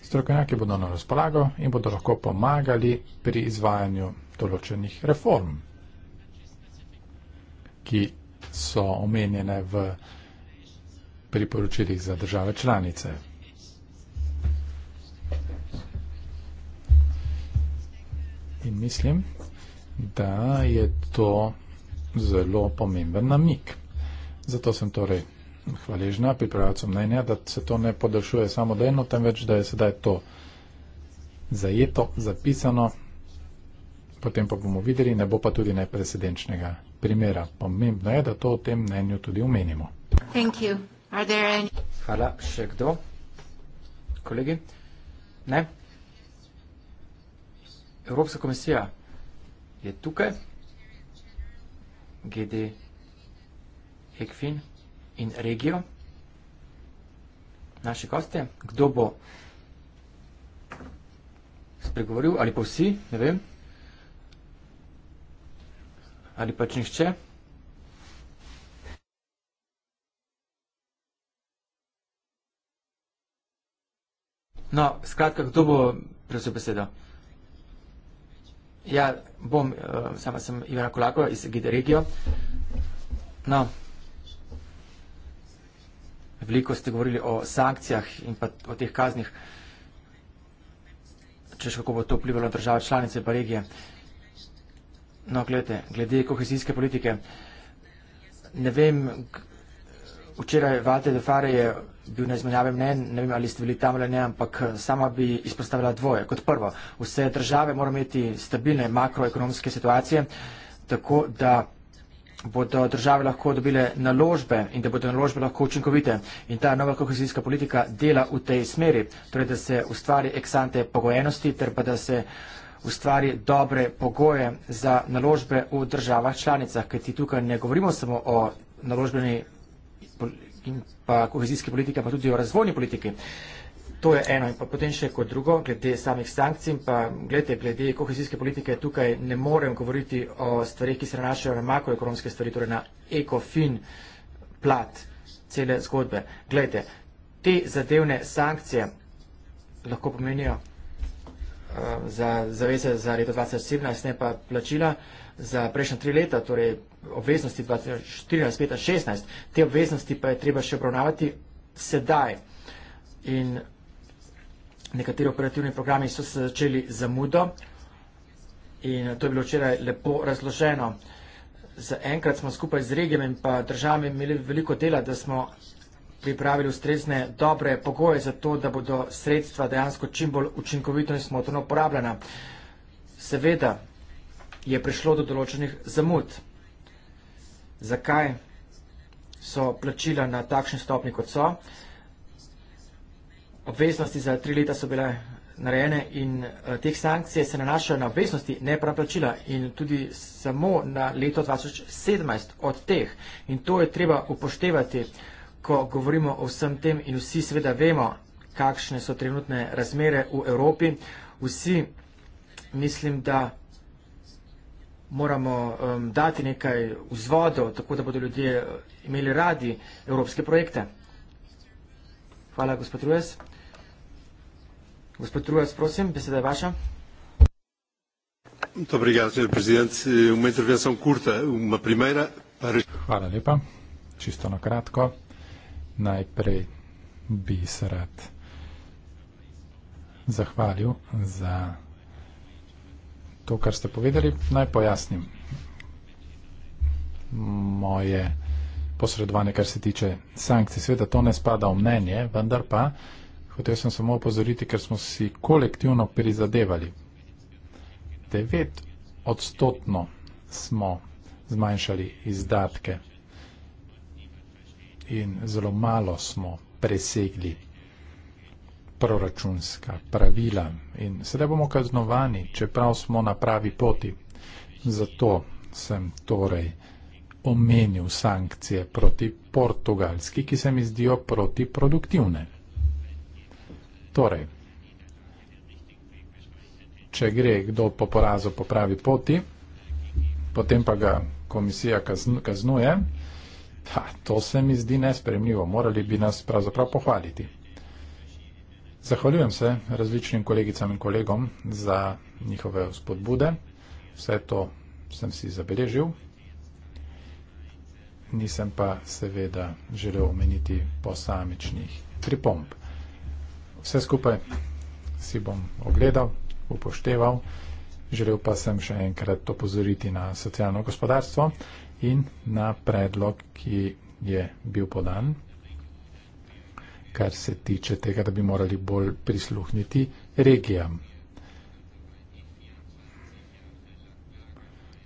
Strokovnjaki bodo na razpolago in bodo lahko pomagali pri izvajanju določenih reform, ki so omenjene v priporočilih za države članice. In mislim, da je to zelo pomemben namik. Zato sem torej hvaležna pripravljacu mnenja, da se to ne podaljšuje samo delno, temveč da je sedaj to zajeto, zapisano, potem pa bomo videli, ne bo pa tudi neprecedenčnega primera. Pomembno je, da to o tem mnenju tudi omenimo. Hvala. Hvala. Še kdo? Kolegi? Ne? Evropska komisija je tukaj, GD Ekfin in regijo, naši koste. Kdo bo spregovoril ali pa vsi, ne vem, ali pač nihče. No, skratka, kdo bo prevzel besedo? Ja, bom, uh, sama sem Ivana Kolako iz Gide Regio. No, veliko ste govorili o sankcijah in pa o teh kaznih, češ kako bo to vplivalo na države članice pa regije. No, gledajte, glede kohezijske politike, ne vem, Včeraj Valter de Fare je bil na izmenjavem mnen, ne vem ali ste bili tam ali ne, ampak eh, sama bi izpostavila dvoje. Kot prvo, vse države morajo imeti stabilne makroekonomske situacije, tako da bodo države lahko dobile naložbe in da bodo naložbe lahko učinkovite. In ta nova kohezijska politika dela v tej smeri, torej da se ustvari eksante pogojenosti, ter pa da se ustvari dobre pogoje za naložbe v državah članicah, kajti tukaj ne govorimo samo o naložbeni in pa kohezijske politike, pa tudi o razvojni politiki. To je eno in pa potem še kot drugo, glede samih sankcij, pa glede, glede kohezijske politike tukaj ne morem govoriti o stvarih, ki se nanašajo na makroekonomske stvari, torej na ekofin plat cele zgodbe. Glede, te zadevne sankcije lahko pomenijo uh, za zaveze za leto 2017, ne pa plačila za prejšnja tri leta, torej obveznosti 2014, 2015, 2016, te obveznosti pa je treba še obravnavati sedaj. In nekateri operativni programi so se začeli zamudo in to je bilo včeraj lepo razloženo. Za enkrat smo skupaj z regijami in pa državami imeli veliko dela, da smo pripravili ustrezne dobre pogoje za to, da bodo sredstva dejansko čim bolj učinkovito in smotrno uporabljena. Seveda je prišlo do določenih zamud zakaj so plačila na takšni stopni, kot so. Obveznosti za tri leta so bile narejene in eh, teh sankcije se nanašajo na obveznosti, ne pa na plačila in tudi samo na leto 2017 od teh. In to je treba upoštevati, ko govorimo o vsem tem in vsi seveda vemo, kakšne so trenutne razmere v Evropi. Vsi mislim, da moramo um, dati nekaj vzvodov, tako da bodo ljudje uh, imeli radi evropske projekte. Hvala, gospod Rujas. Gospod Rujas, prosim, beseda je vaša. Obrigado, senhor presidente. Uma intervenção curta, uma primeira para. Hvala lepa. Čisto na kratko. Najprej bi se rad zahvalil za to, kar ste povedali, naj pojasnim moje posredovanje, kar se tiče sankcij. Sveda to ne spada v mnenje, vendar pa hotel sem samo opozoriti, ker smo si kolektivno prizadevali. 9 odstotno smo zmanjšali izdatke in zelo malo smo presegli proračunska pravila in sedaj bomo kaznovani, čeprav smo na pravi poti. Zato sem torej omenil sankcije proti portugalski, ki se mi zdijo protiproduktivne. Torej, če gre kdo po porazu po pravi poti, potem pa ga komisija kaznuje, ta, to se mi zdi nespremljivo, morali bi nas pravzaprav pohvaliti. Zahvaljujem se različnim kolegicam in kolegom za njihove spodbude. Vse to sem si zabeležil. Nisem pa seveda želel omeniti posamičnih pripomb. Vse skupaj si bom ogledal, upošteval. Želel pa sem še enkrat opozoriti na socialno gospodarstvo in na predlog, ki je bil podan kar se tiče tega, da bi morali bolj prisluhniti regijam.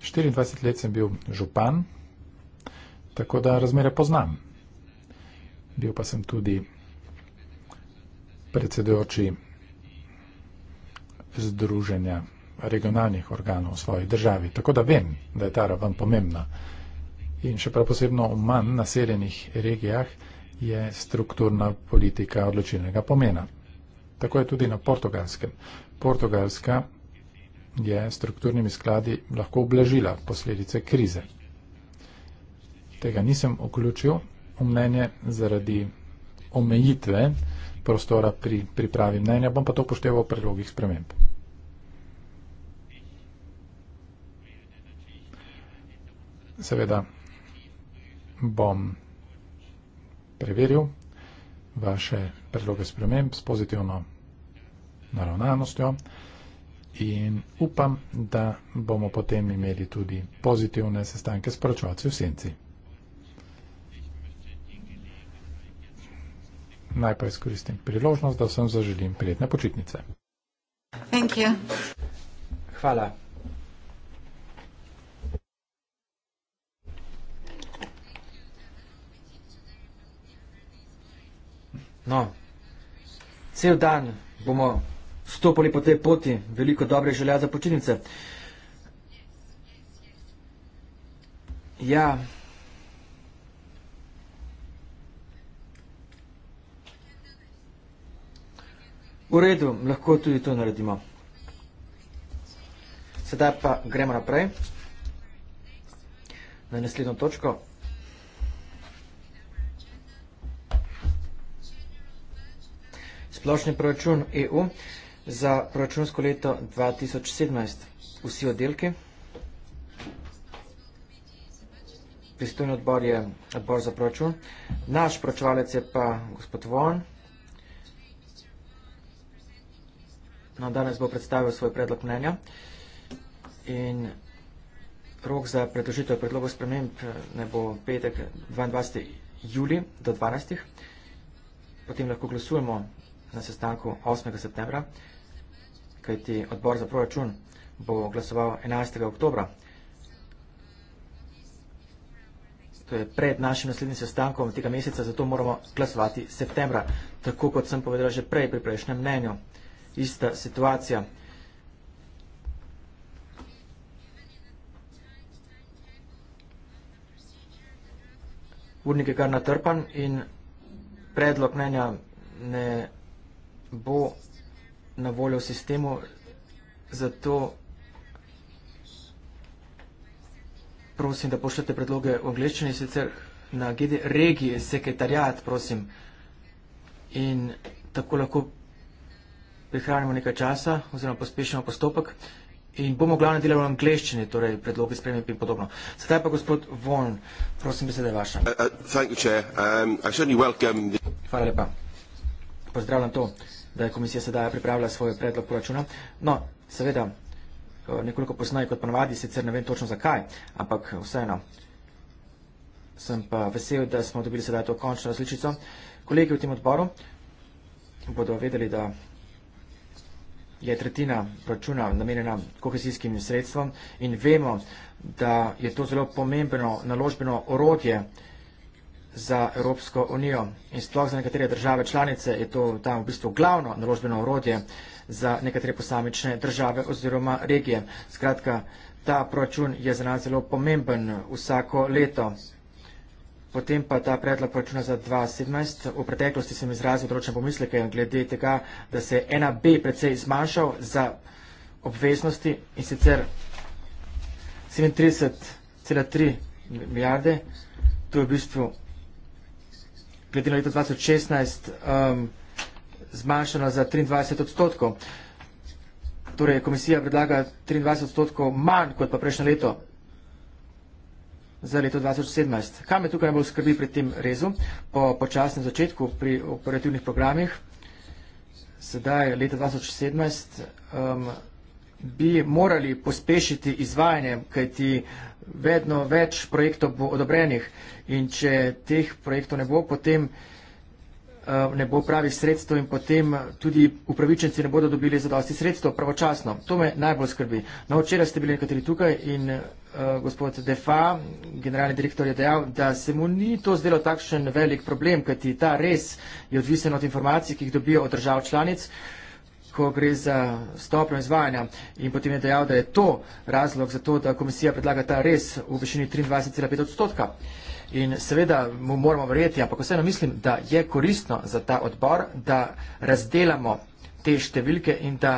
24 let sem bil župan, tako da razmere poznam. Bil pa sem tudi predsedujoči Združenja regionalnih organov v svoji državi. Tako da vem, da je ta raven pomembna. In še prav posebno v manj naseljenih regijah je strukturna politika odločilnega pomena. Tako je tudi na portugalskem. Portugalska je strukturnimi skladi lahko oblažila posledice krize. Tega nisem vključil v mnenje zaradi omejitve prostora pri pripravi mnenja, bom pa to upošteval v predlogih sprememb. Seveda bom preveril vaše predloge sprememb s pozitivno naravnanostjo in upam, da bomo potem imeli tudi pozitivne sestanke s poročevalci v senci. Najprej izkoristim priložnost, da vsem zaželim prijetne počitnice. Thank you. Hvala. No, cel dan bomo stopili po tej poti, veliko dobre želja za počitnice. Ja. V redu, lahko tudi to naredimo. Sedaj pa gremo naprej na naslednjo točko. splošni proračun EU za proračunsko leto 2017. Vsi oddelki. Pristojni odbor je odbor za proračun. Naš proračevalec je pa gospod Von. No, danes bo predstavil svoj predlog mnenja in rok za predložitev predlogov sprememb eh, ne bo petek 22. juli do 12. Potem lahko glasujemo na sestanku 8. septembra, kajti odbor za proračun bo glasoval 11. oktobra. To je pred našim naslednjim sestankom tega meseca, zato moramo glasovati septembra, tako kot sem povedal že prej pri prejšnjem mnenju. Ista situacija. Urnik je kar natrpan in predlog mnenja ne bo na voljo v sistemu, zato prosim, da pošljete predloge v angliščini, sicer na GD regije, sekretarjat, prosim. In tako lahko prihranimo nekaj časa oziroma pospešimo postopek in bomo glavno delali v angliščini, torej predloge spremljati in podobno. Sedaj pa gospod Von, prosim, beseda je vaša. Uh, uh, you, um, the... Hvala lepa. Pozdravljam to. Uh, da je komisija sedaj pripravila svoj predlog proračuna. No, seveda, eh, nekoliko posnaj kot ponovadi, sicer ne vem točno zakaj, ampak vseeno sem pa vesel, da smo dobili sedaj to končno različico. Kolegi v tem odboru bodo vedeli, da je tretjina računa namenjena kohesijskim sredstvom in vemo, da je to zelo pomembno naložbeno orodje, ki je vsega, za Evropsko unijo in sploh za nekatere države članice je to tam v bistvu glavno naložbeno orodje za nekatere posamične države oziroma regije. Skratka, ta proračun je za nas zelo pomemben vsako leto. Potem pa ta predlog proračuna za 2017. V preteklosti sem izrazil določene pomisleke glede tega, da se je 1B precej zmanjšal za obveznosti in sicer 37,3 milijarde. To je v bistvu glede na leto 2016 um, zmanjšana za 23 odstotkov. Torej, komisija predlaga 23 odstotkov manj kot pa prejšnje leto za leto 2017. Kaj me tukaj najbolj skrbi pri tem rezu? Po počasnem začetku pri operativnih programih, sedaj leta 2017, um, bi morali pospešiti izvajanje, kajti vedno več projektov bo odobrenih in če teh projektov ne bo, potem eh, ne bo pravih sredstv in potem tudi upravičenci ne bodo dobili zadosti sredstv pravočasno. To me najbolj skrbi. No, včeraj ste bili nekateri tukaj in uh, gospod Defa, generalni direktor, je dejal, da se mu ni to zdelo takšen velik problem, kajti ta res je odvisen od informacij, ki jih dobijo od držav članic. Uh, ko gre za stopno izvajanja in potem je dejal, da je to razlog za to, da komisija predlaga ta res v višini 23,5 odstotka. In seveda mu moramo verjeti, ampak vseeno mislim, da je koristno za ta odbor, da razdelamo te številke in da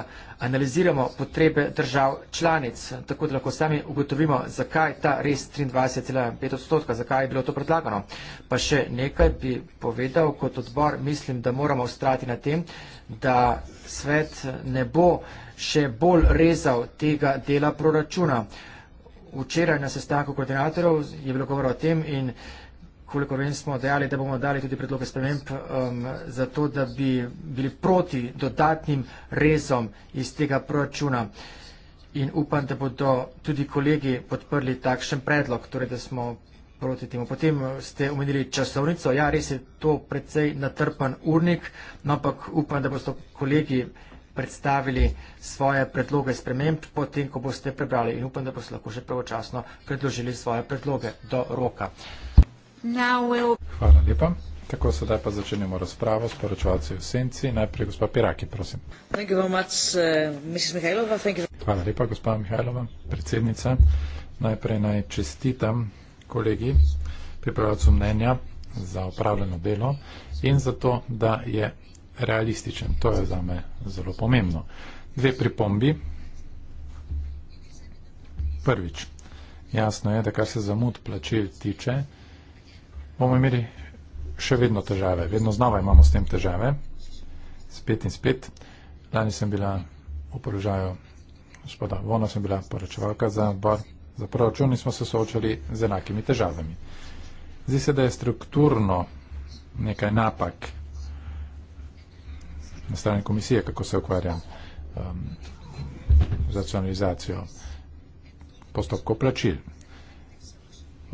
analiziramo potrebe držav članic, tako da lahko sami ugotovimo, zakaj ta res 23,5 odstotka, zakaj je bilo to predlagano. Pa še nekaj bi povedal kot odbor, mislim, da moramo ustrati na tem, da svet ne bo še bolj rezal tega dela proračuna. Včeraj na sestanku koordinatorov je bilo govora o tem in kolikor vem, smo dejali, da bomo dali tudi predloge sprememb um, za to, da bi bili proti dodatnim rezom iz tega proračuna. In upam, da bodo tudi kolegi podprli takšen predlog, torej da smo proti temu. Potem ste omenili časovnico. Ja, res je to precej natrpan urnik, no, ampak upam, da boste kolegi predstavili svoje predloge sprememb, potem, ko boste prebrali. In upam, da boste lahko še pravočasno predložili svoje predloge do roka. We'll... Hvala lepa. Tako sedaj pa začenjamo razpravo s poročevalci v senci. Najprej gospa Piraki, prosim. Much, uh, Hvala lepa, gospa Mihajlova, predsednica. Najprej naj čestitam kolegi, pripravljalcu mnenja za opravljeno delo in za to, da je realističen. To je za me zelo pomembno. Dve pripombi. Prvič, jasno je, da kar se zamud plačil tiče, bomo imeli še vedno težave. Vedno znova imamo s tem težave. Spet in spet. Lani sem bila v položaju gospoda Vona, sem bila poročevalka za odbor za proračun in smo se soočali z enakimi težavami. Zdi se, da je strukturno nekaj napak na strani komisije, kako se ukvarjam um, z racionalizacijo postopkov plačil.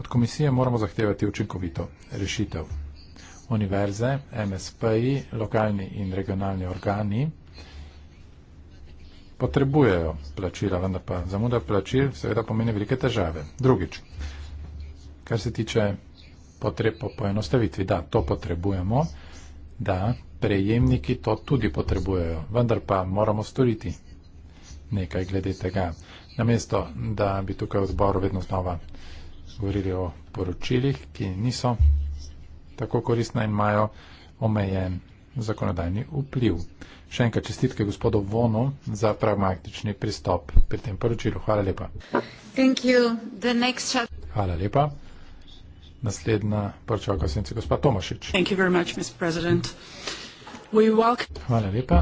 Od komisije moramo zahtevati učinkovito rešitev. Univerze, MSP-ji, lokalni in regionalni organi potrebujejo plačila, vendar pa zamuda plačil seveda pomeni velike težave. Drugič, kar se tiče potreb po poenostavitvi, da to potrebujemo, da prejemniki to tudi potrebujejo, vendar pa moramo storiti nekaj glede tega. Namesto, da bi tukaj odbor vedno znova govorili o poročilih, ki niso tako koristna in imajo omejen zakonodajni vpliv. Še enkrat čestitke gospodu Vonu za pragmatični pristop pri tem poročilu. Hvala lepa. Hvala lepa. Naslednja poročavka senci gospa Tomašič. Much, Hvala lepa.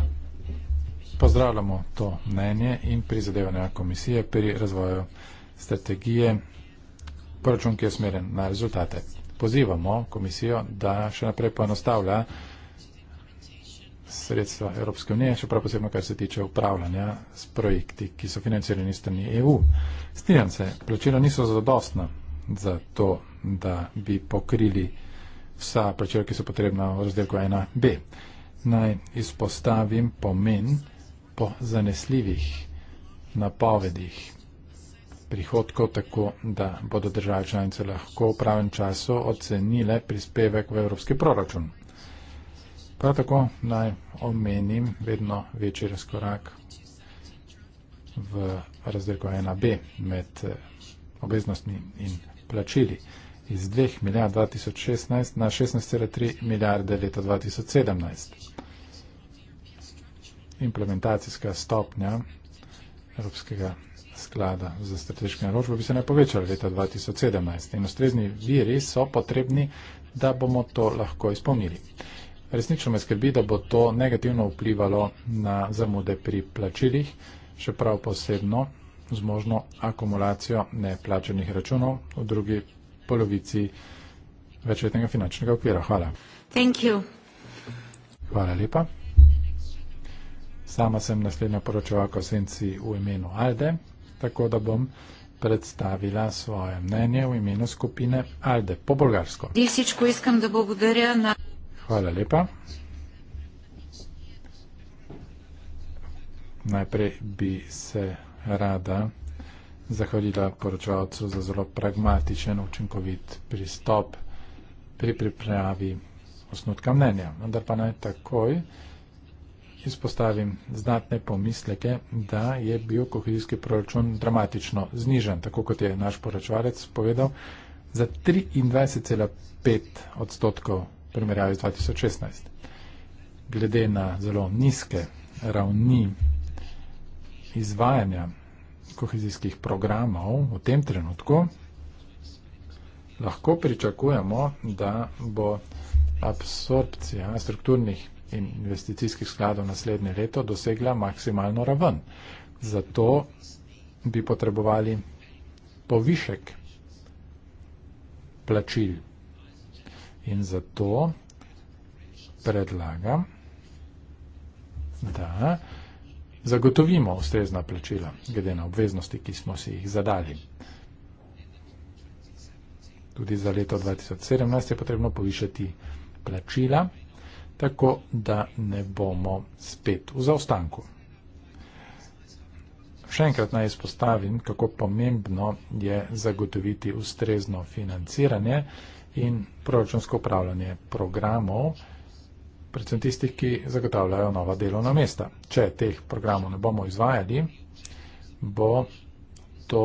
Pozdravljamo to mnenje in prizadevanja komisije pri razvoju strategije proračun, ki je smeren na rezultate. Pozivamo komisijo, da še naprej poenostavlja sredstva Evropske unije, še prav posebno, kar se tiče upravljanja s projekti, ki so financirani strani EU. Strinjam se, plačila niso zadostna za to, da bi pokrili vsa plačila, ki so potrebna v razdelku 1b. Naj izpostavim pomen po zanesljivih napovedih prihodkov, tako da bodo države članice lahko v pravem času ocenile prispevek v evropski proračun. Prav tako naj omenim vedno večji razkorak v razdelku 1b med eh, obveznostmi in plačili iz 2 milijard 2016 na 16,3 milijarde leta 2017. Implementacijska stopnja Evropskega sklada za strateške naložbe bi se naj povečali leta 2017 in ustrezni viri so potrebni, da bomo to lahko izpolnili. Resnično me skrbi, da bo to negativno vplivalo na zamude pri plačilih, še prav posebno z možno akumulacijo neplačenih računov v drugi polovici večletnega finančnega okvira. Hvala. Hvala lepa. Sama sem naslednja poročevalka v senci v imenu Alde tako da bom predstavila svoje mnenje v imenu skupine Alde po bolgarsko. Hvala lepa. Najprej bi se rada zahvalila poročevalcu za zelo pragmatičen, učinkovit pristop pri pripravi osnutka mnenja. Vendar pa naj takoj izpostavim znatne pomisleke, da je bil kohezijski proračun dramatično znižen, tako kot je naš poročvarec povedal, za 23,5 odstotkov primerjavi z 2016. Glede na zelo nizke ravni izvajanja kohezijskih programov v tem trenutku, lahko pričakujemo, da bo absorpcija strukturnih in investicijskih skladov naslednje leto dosegla maksimalno raven. Zato bi potrebovali povišek plačil. In zato predlagam, da zagotovimo ustrezna plačila, glede na obveznosti, ki smo si jih zadali. Tudi za leto 2017 je potrebno povišati plačila tako da ne bomo spet v zaostanku. Še enkrat naj izpostavim, kako pomembno je zagotoviti ustrezno financiranje in proračunsko upravljanje programov, predvsem tistih, ki zagotavljajo nova delovna mesta. Če teh programov ne bomo izvajali, bo to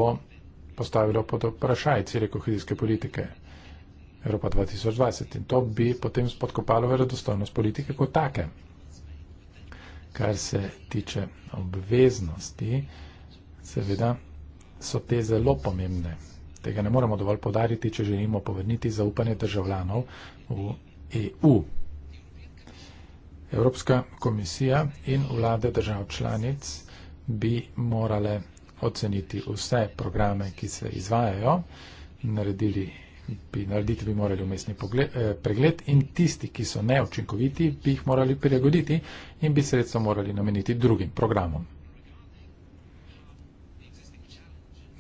postavilo pod vprašaj cele kohezijske politike. Evropa 2020 in to bi potem spodkopalo verodostojnost politike kot take. Kar se tiče obveznosti, seveda so te zelo pomembne. Tega ne moremo dovolj podariti, če želimo povrniti zaupanje državljanov v EU. Evropska komisija in vlade držav članic bi morale oceniti vse programe, ki se izvajajo, naredili bi narediti, bi morali umestni eh, pregled in tisti, ki so neočinkoviti, bi jih morali prilagoditi in bi sredstvo morali nameniti drugim programom.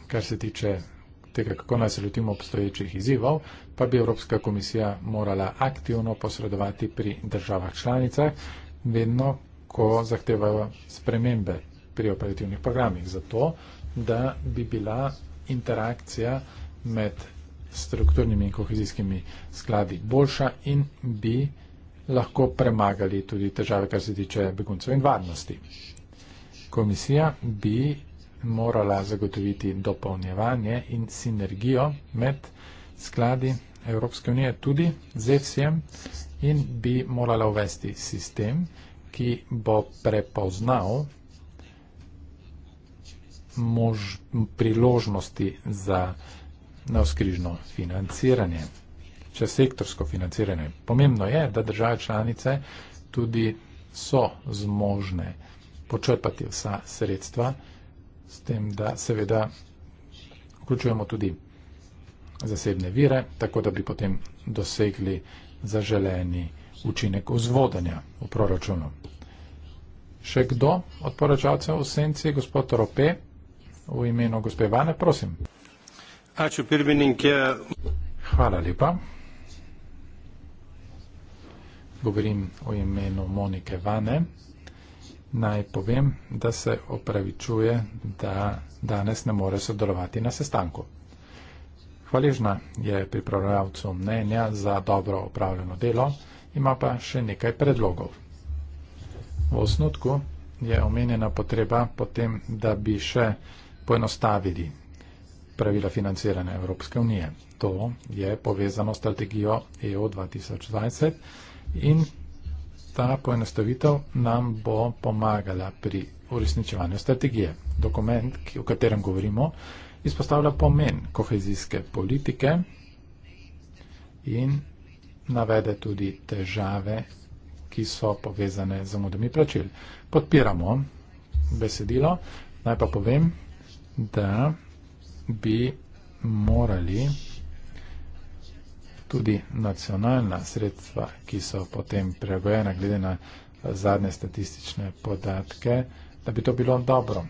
Kar se tiče tega, kako naj se lotimo obstoječih izzivov, pa bi Evropska komisija morala aktivno posredovati pri državah članicah, vedno, ko zahtevajo spremembe pri operativnih programih, zato, da bi bila interakcija med strukturnimi in kohezijskimi skladi boljša in bi lahko premagali tudi težave, kar se tiče beguncev in varnosti. Komisija bi morala zagotoviti dopolnjevanje in sinergijo med skladi Evropske unije tudi z EFSI-jem in bi morala uvesti sistem, ki bo prepoznal mož, priložnosti za na vzkrižno financiranje, čez sektorsko financiranje. Pomembno je, da države članice tudi so zmožne počrpati vsa sredstva, s tem, da seveda vključujemo tudi zasebne vire, tako da bi potem dosegli zaželeni učinek vzvodanja v proračunu. Še kdo od poročalcev v senci, gospod Rope, v imenu gospe Vane, prosim. Ačiū pirmininkė. Hvala lepa. Govorim o imenu Monike Vane. Naj povem, da se opravičuje, da danes ne more sodelovati na sestanku. Hvaležna je pripravljavcu mnenja za dobro opravljeno delo, ima pa še nekaj predlogov. V osnutku je omenjena potreba potem, da bi še poenostavili pravila financiranja Evropske unije. To je povezano s strategijo EU 2020 in ta poenostavitev nam bo pomagala pri uresničevanju strategije. Dokument, ki, o katerem govorimo, izpostavlja pomen kohezijske politike in navede tudi težave, ki so povezane z zamudami plačil. Podpiramo besedilo. Naj pa povem, da bi morali tudi nacionalna sredstva, ki so potem prilagojena glede na zadnje statistične podatke, da bi to bilo dobro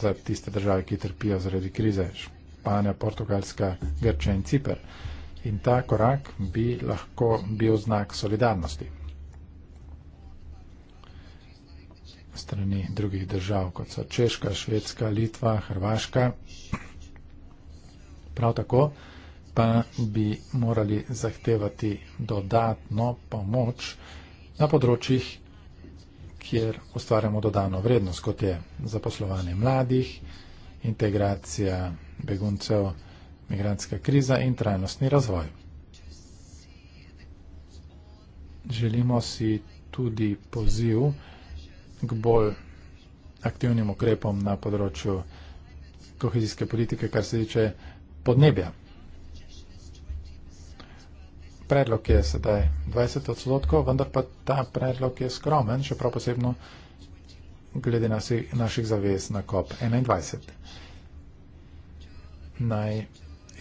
za tiste države, ki trpijo zaradi krize, Španija, Portugalska, Grčija in Cipr. In ta korak bi lahko bil znak solidarnosti strani drugih držav, kot so Češka, Švedska, Litva, Hrvaška. Prav tako pa bi morali zahtevati dodatno pomoč na področjih, kjer ustvarjamo dodano vrednost, kot je zaposlovanje mladih, integracija beguncev, migrantska kriza in trajnostni razvoj. Želimo si tudi poziv k bolj aktivnim ukrepom na področju kohezijske politike, kar se tiče podnebja. Predlog je sedaj 20 odstotkov, vendar pa ta predlog je skromen, še prav posebno glede nasi, naših zavez na COP21. Naj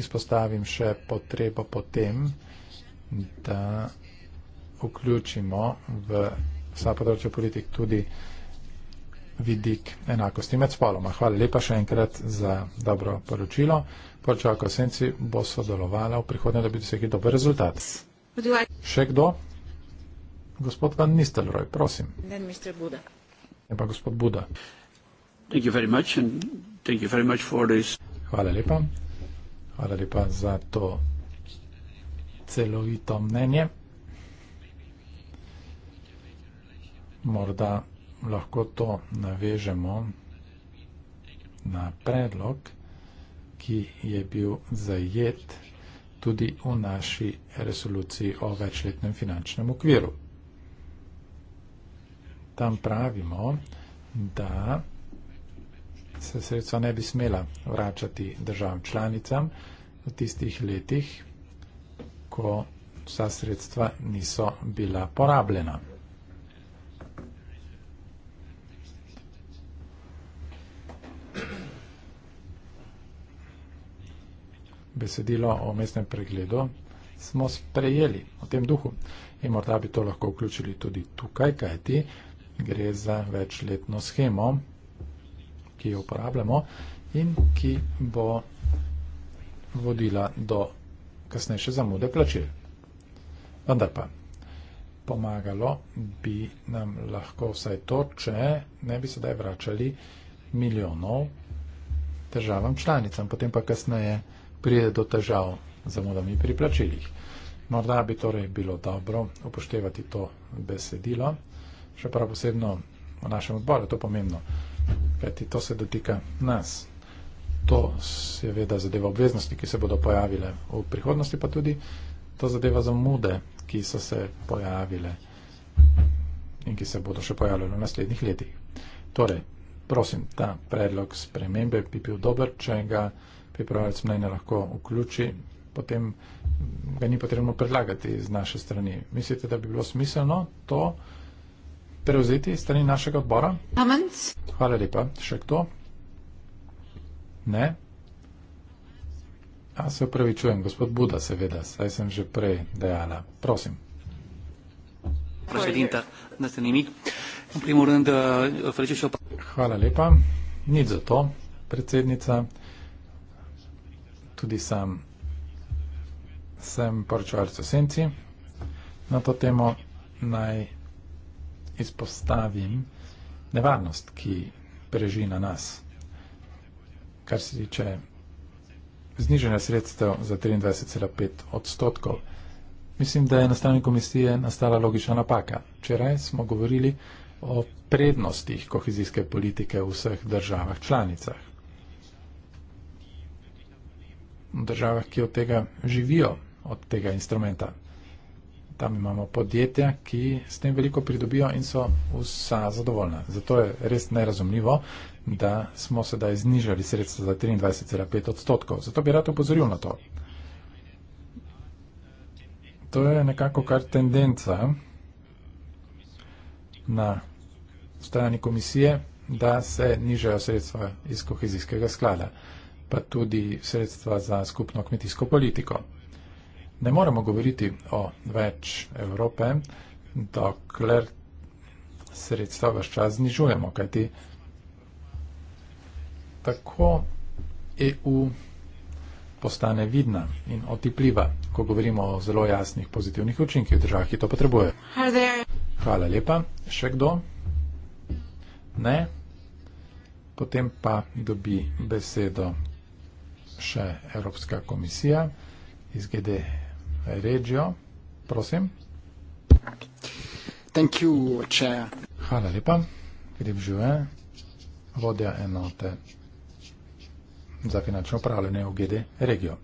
izpostavim še potrebo potem, da vključimo v vsa področja politik tudi vidik enakosti med spoloma. Hvala lepa še enkrat za dobro poročilo. Polčaka Senci bo sodelovala v prihodnje, da bi dosegli dober rezultat. Še kdo? Gospod Van Nistelrooy, prosim. Ne pa gospod Buda. Hvala lepa. Hvala lepa za to celovito mnenje. Morda lahko to navežemo na predlog ki je bil zajet tudi v naši resoluciji o večletnem finančnem okviru. Tam pravimo, da se sredstva ne bi smela vračati državam članicam v tistih letih, ko vsa sredstva niso bila porabljena. besedilo o mestnem pregledu, smo sprejeli v tem duhu. In morda bi to lahko vključili tudi tukaj, kajti gre za večletno schemo, ki jo uporabljamo in ki bo vodila do kasnejše zamude plačil. Vendar pa, pomagalo bi nam lahko vsaj to, če ne bi sedaj vračali milijonov državam članicam, potem pa kasneje vračali pride do težav z zamudami pri plačilih. Morda bi torej bilo dobro upoštevati to besedilo, še prav posebno v našem odboru, to je pomembno, kajti to se dotika nas. To seveda zadeva obveznosti, ki se bodo pojavile v prihodnosti, pa tudi to zadeva zamude, ki so se pojavile in ki se bodo še pojavljali v naslednjih letih. Torej, prosim, ta predlog spremembe bi bil dober, če ga pripravljalec mnenja lahko vključi, potem ga ni potrebno predlagati z naše strani. Mislite, da bi bilo smiselno to prevzeti strani našega odbora? Comments. Hvala lepa. Še kdo? Ne? A se upravičujem, gospod Buda, seveda, saj sem že prej dejala. Prosim. Eh, Hvala lepa. Nič za to, predsednica tudi sam sem poročevalec v senci. Na to temo naj izpostavim nevarnost, ki preži na nas, kar se tiče zniženja sredstev za 23,5 odstotkov. Mislim, da je na stavni komisiji nastala logična napaka. Včeraj smo govorili o prednostih kohezijske politike v vseh državah članicah državah, ki od tega živijo, od tega instrumenta. Tam imamo podjetja, ki s tem veliko pridobijo in so vsa zadovoljna. Zato je res nerazumljivo, da smo sedaj znižali sredstva za 23,5 odstotkov. Zato bi rad upozoril na to. To je nekako kar tendenca na strani komisije, da se nižajo sredstva iz kohezijskega sklada pa tudi sredstva za skupno kmetijsko politiko. Ne moremo govoriti o več Evrope, dokler sredstva vaš čas znižujemo, kajti tako EU postane vidna in otipljiva, ko govorimo o zelo jasnih pozitivnih učinkih v državah, ki to potrebujejo. Hvala lepa. Še kdo? Ne? Potem pa dobi besedo še Evropska komisija iz GD Regio. Prosim. Thank you, chair. Hvala lepa. Filip Žuen, vodja enote za finančno upravljanje v GD Regio.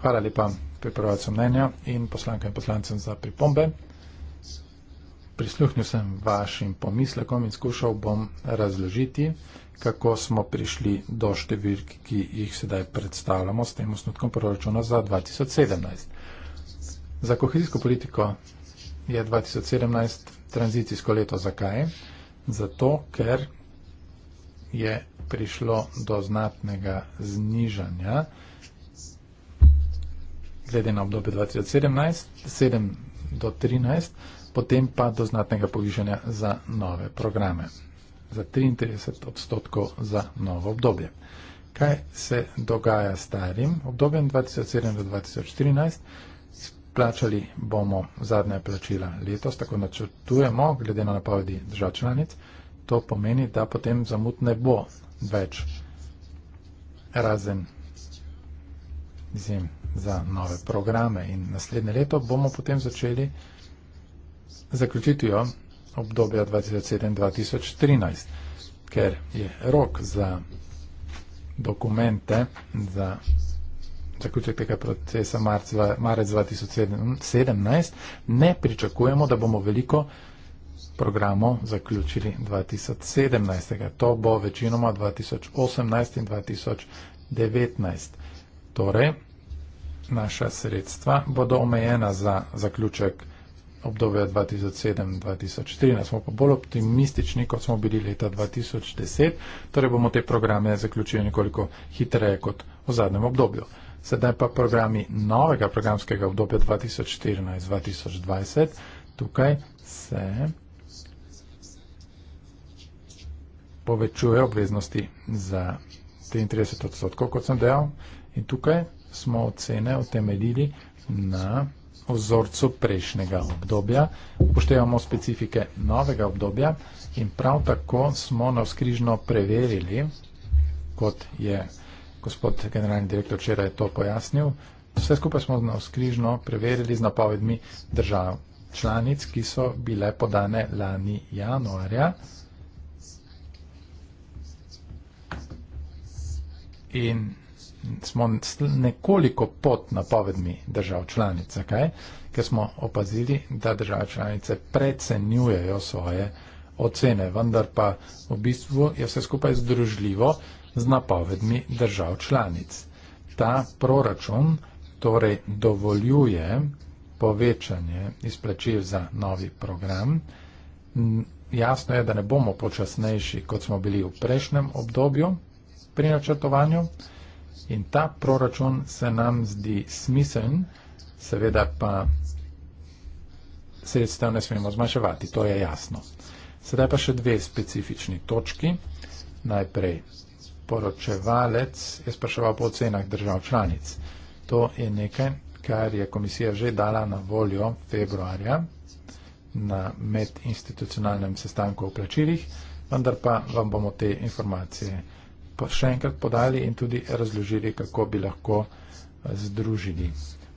Hvala lepa pripravljalcem mnenja in poslankam in poslancem za pripombe prisluhnil sem vašim pomislekom in skušal bom razložiti, kako smo prišli do številk, ki jih sedaj predstavljamo s tem osnutkom proračuna za 2017. Za kohezijsko politiko je 2017 tranzicijsko leto. Zakaj? Zato, ker je prišlo do znatnega znižanja glede na obdobje 2017 do 2013 potem pa do znatnega povišanja za nove programe. Za 33 odstotkov za novo obdobje. Kaj se dogaja starim obdobjem 2007 do 2014? Splačali bomo zadnja plačila letos, tako načrtujemo, glede na napovedi držav članic. To pomeni, da potem zamud ne bo več razen izjem za nove programe in naslednje leto bomo potem začeli zaključitvijo obdobja 2007-2013, ker je rok za dokumente za zaključek tega procesa marc, marec 2017, ne pričakujemo, da bomo veliko programov zaključili 2017. To bo večinoma 2018 in 2019. Torej, naša sredstva bodo omejena za zaključek obdobja 2007-2013. Smo pa bolj optimistični, kot smo bili leta 2010, torej bomo te programe zaključili nekoliko hitreje kot v zadnjem obdobju. Sedaj pa programi novega programskega obdobja 2014-2020. Tukaj se povečuje obveznosti za 33 odstotkov, kot sem dejal. In tukaj smo cene utemeljili na vzorcu prejšnjega obdobja, upoštevamo specifike novega obdobja in prav tako smo navskrižno preverili, kot je gospod generalni direktor včeraj to pojasnil, vse skupaj smo navskrižno preverili z napovedmi držav članic, ki so bile podane lani januarja. In smo nekoliko pod napovedmi držav članic. Zakaj? Ker smo opazili, da države članice precenjujejo svoje ocene, vendar pa v bistvu je vse skupaj združljivo z napovedmi držav članic. Ta proračun torej dovoljuje povečanje izplačil za novi program. Jasno je, da ne bomo počasnejši, kot smo bili v prejšnjem obdobju pri načrtovanju. In ta proračun se nam zdi smiseln, seveda pa sredstev ne smemo zmanjševati, to je jasno. Sedaj pa še dve specifični točki. Najprej poročevalec je spraševal po ocenah držav članic. To je nekaj, kar je komisija že dala na voljo februarja na medinstitucionalnem sestanku o plačilih, vendar pa vam bomo te informacije še enkrat podali in tudi razložili, kako bi lahko eh, združili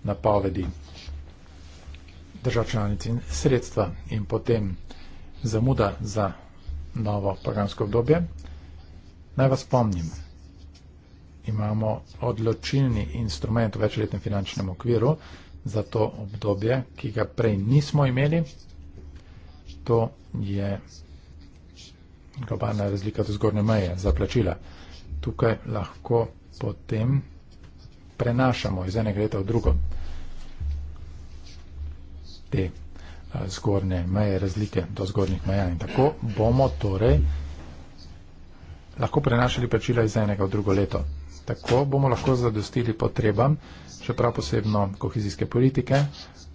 napovedi držav članic in sredstva in potem zamuda za novo pagansko obdobje. Naj vas spomnim, imamo odločilni instrument v večletnem finančnem okviru za to obdobje, ki ga prej nismo imeli. To je globalna razlika do zgornje meje za plačila tukaj lahko potem prenašamo iz enega leta v drugo te eh, zgornje meje, razlike do zgornjih meja. In tako bomo torej lahko prenašali plačila iz enega v drugo leto. Tako bomo lahko zadostili potrebam, še prav posebno kohezijske politike,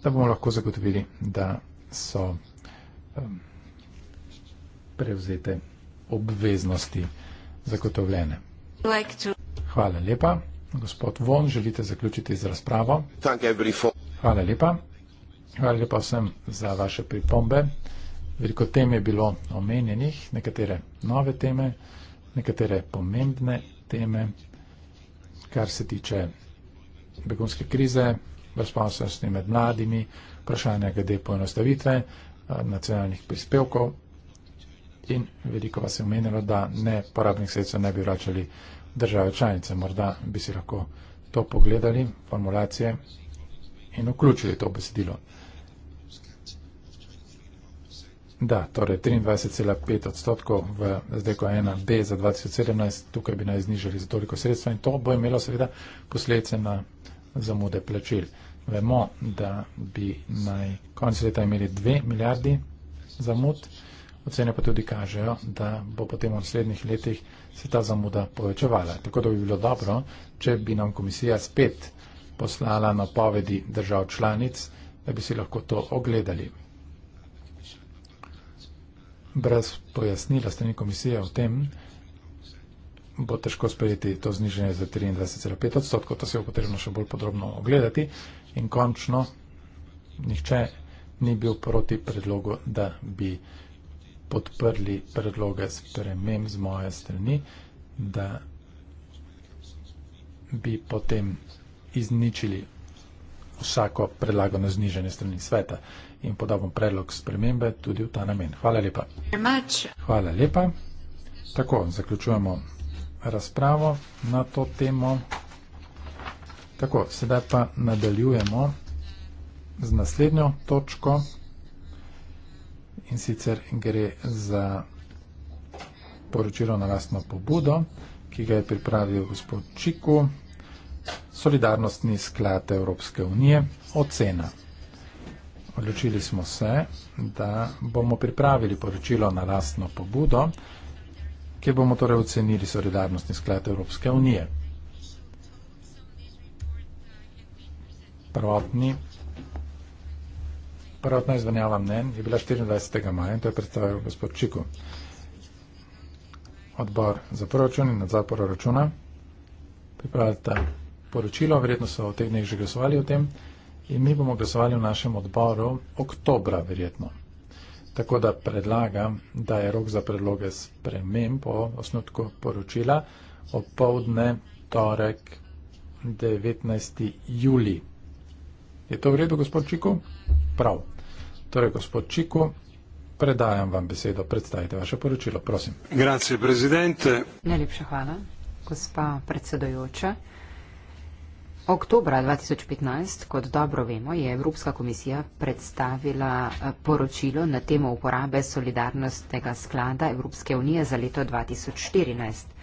da bomo lahko zagotovili, da so prevzete obveznosti zagotovljene. Hvala lepa. Gospod Von, želite zaključiti z razpravo? Hvala lepa. Hvala lepa vsem za vaše pripombe. Veliko tem je bilo omenjenih, nekatere nove teme, nekatere pomembne teme, kar se tiče begunske krize, brezposobnosti med mladimi, vprašanja glede poenostavitve eh, nacionalnih prispevkov in veliko vas je omenilo, da ne porabnih sredstev ne bi vračali države članice. Morda bi si lahko to pogledali, formulacije in vključili to besedilo. Da, torej 23,5 odstotkov v ZDK1B za 2017, tukaj bi naj znižali za toliko sredstva in to bo imelo seveda posledice na zamude plačil. Vemo, da bi naj konec leta imeli 2 milijardi zamud. Ocene pa tudi kažejo, da bo potem v naslednjih letih se ta zamuda povečevala. Tako da bi bilo dobro, če bi nam komisija spet poslala napovedi držav članic, da bi si lahko to ogledali. Brez pojasnila strani komisije o tem, bo težko sprejeti to znižanje za 23,5 odstotkov, to se bo potrebno še bolj podrobno ogledati. In končno, nihče ni bil proti predlogu, da bi podprli predloge sprememb z moje strani, da bi potem izničili vsako predlagano znižanje strani sveta in podal bom predlog spremembe tudi v ta namen. Hvala lepa. Hvala lepa. Tako, zaključujemo razpravo na to temo. Tako, sedaj pa nadaljujemo z naslednjo točko in sicer gre za poročilo na lastno pobudo, ki ga je pripravil gospod Čiku, Solidarnostni sklad Evropske unije, ocena. Odločili smo se, da bomo pripravili poročilo na lastno pobudo, kjer bomo torej ocenili Solidarnostni sklad Evropske unije. Prvotni Prvotna izvenjava mnen je bila 24. maja in to je predstavil gospod Čiku. Odbor za proračun in nadzor proračuna pripravljata poročilo, verjetno so v teh dneh že glasovali o tem in mi bomo glasovali v našem odboru oktobra verjetno. Tako da predlagam, da je rok za predloge spremem po osnutku poročila opovdne torek 19. juli. Je to v redu, gospod Čiku? Prav. Torej, gospod Čiku, predajam vam besedo, predstavite vaše poročilo, prosim. Grazie, prezidente. Najlepša hvala, gospa predsedojoča. Oktobra 2015, kot dobro vemo, je Evropska komisija predstavila eh, poročilo na temo uporabe solidarnostnega sklada Evropske unije za leto 2014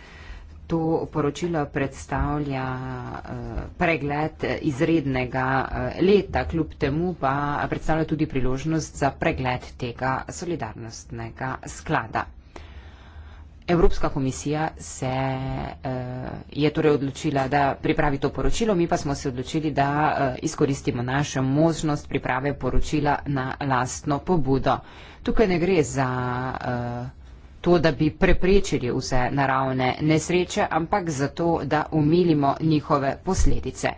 to poročilo predstavlja eh, pregled izrednega eh, leta, kljub temu pa predstavlja tudi priložnost za pregled tega solidarnostnega sklada. Evropska komisija se eh, je torej odločila, da pripravi to poročilo, mi pa smo se odločili, da izkoristimo našo možnost priprave poročila na lastno pobudo. Tukaj ne gre za to, da bi preprečili vse naravne nesreče, ampak zato, da umilimo njihove posledice.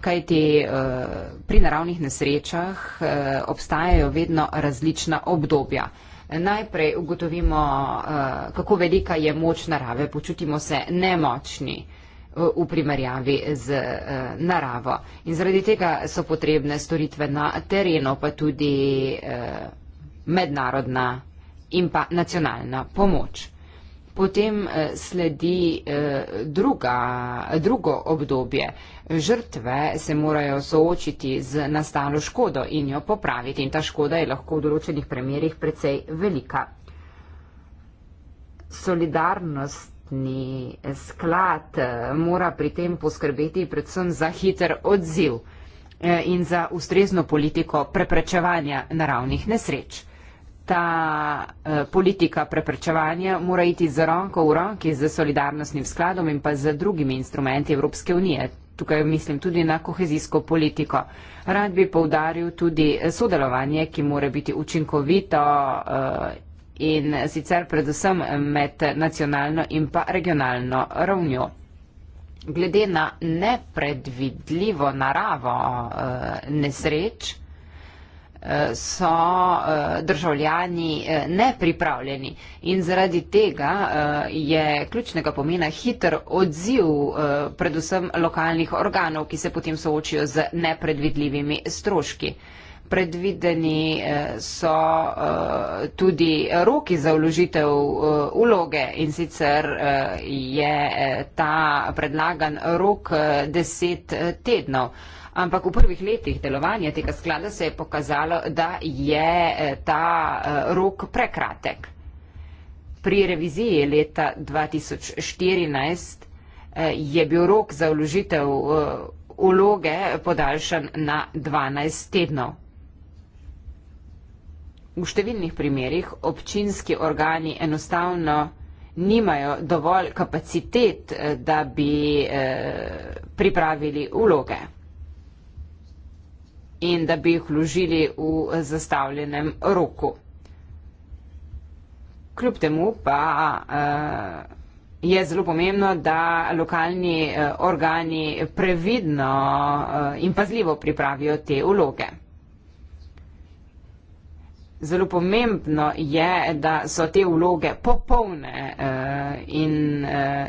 Kaj ti eh, pri naravnih nesrečah eh, obstajajo vedno različna obdobja. Najprej ugotovimo, eh, kako velika je moč narave, počutimo se nemočni v primerjavi z naravo. In zaradi tega so potrebne storitve na terenu, pa tudi mednarodna in pa nacionalna pomoč. Potem eh, sledi eh, druga, drugo obdobje. Žrtve se morajo soočiti z nastalo škodo in jo popraviti in ta škoda je lahko v določenih premjerih precej velika. Solidarnost. Eh, sklad mora pri tem poskrbeti predvsem za hiter odziv in za ustrezno politiko preprečevanja naravnih nesreč ta eh, politika preprečevanja mora iti z roko v roki z solidarnostnim skladom in pa z drugimi instrumenti Evropske unije. Tukaj mislim tudi na kohezijsko politiko. Rad bi povdaril tudi eh, sodelovanje, ki mora biti učinkovito eh, in sicer predvsem med nacionalno in pa regionalno ravnjo. Glede na nepredvidljivo naravo eh, nesreč, Eh, so eh, državljani eh, nepripravljeni in zaradi tega je ključnega pomena hiter odziv predvsem lokalnih organov, ki se potem soočijo z nepredvidljivimi stroški. Predvideni so tudi roki za vložitev uloge in sicer je ta predlagan rok deset tednov ampak v prvih letih delovanja tega sklada se je pokazalo, da je eh, ta eh, rok prekratek. Pri reviziji leta 2014 eh, je bil rok za vložitev uloge podaljšan na 12 tednov. V številnih primerjih občinski organi enostavno nimajo dovolj kapacitet, da bi pripravili uloge in da bi jih vložili v zastavljenem roku. Kljub temu pa eh, je zelo pomembno, da lokalni eh, organi previdno eh, in pazljivo pripravijo te vloge. Zelo pomembno je, da so te vloge popolne in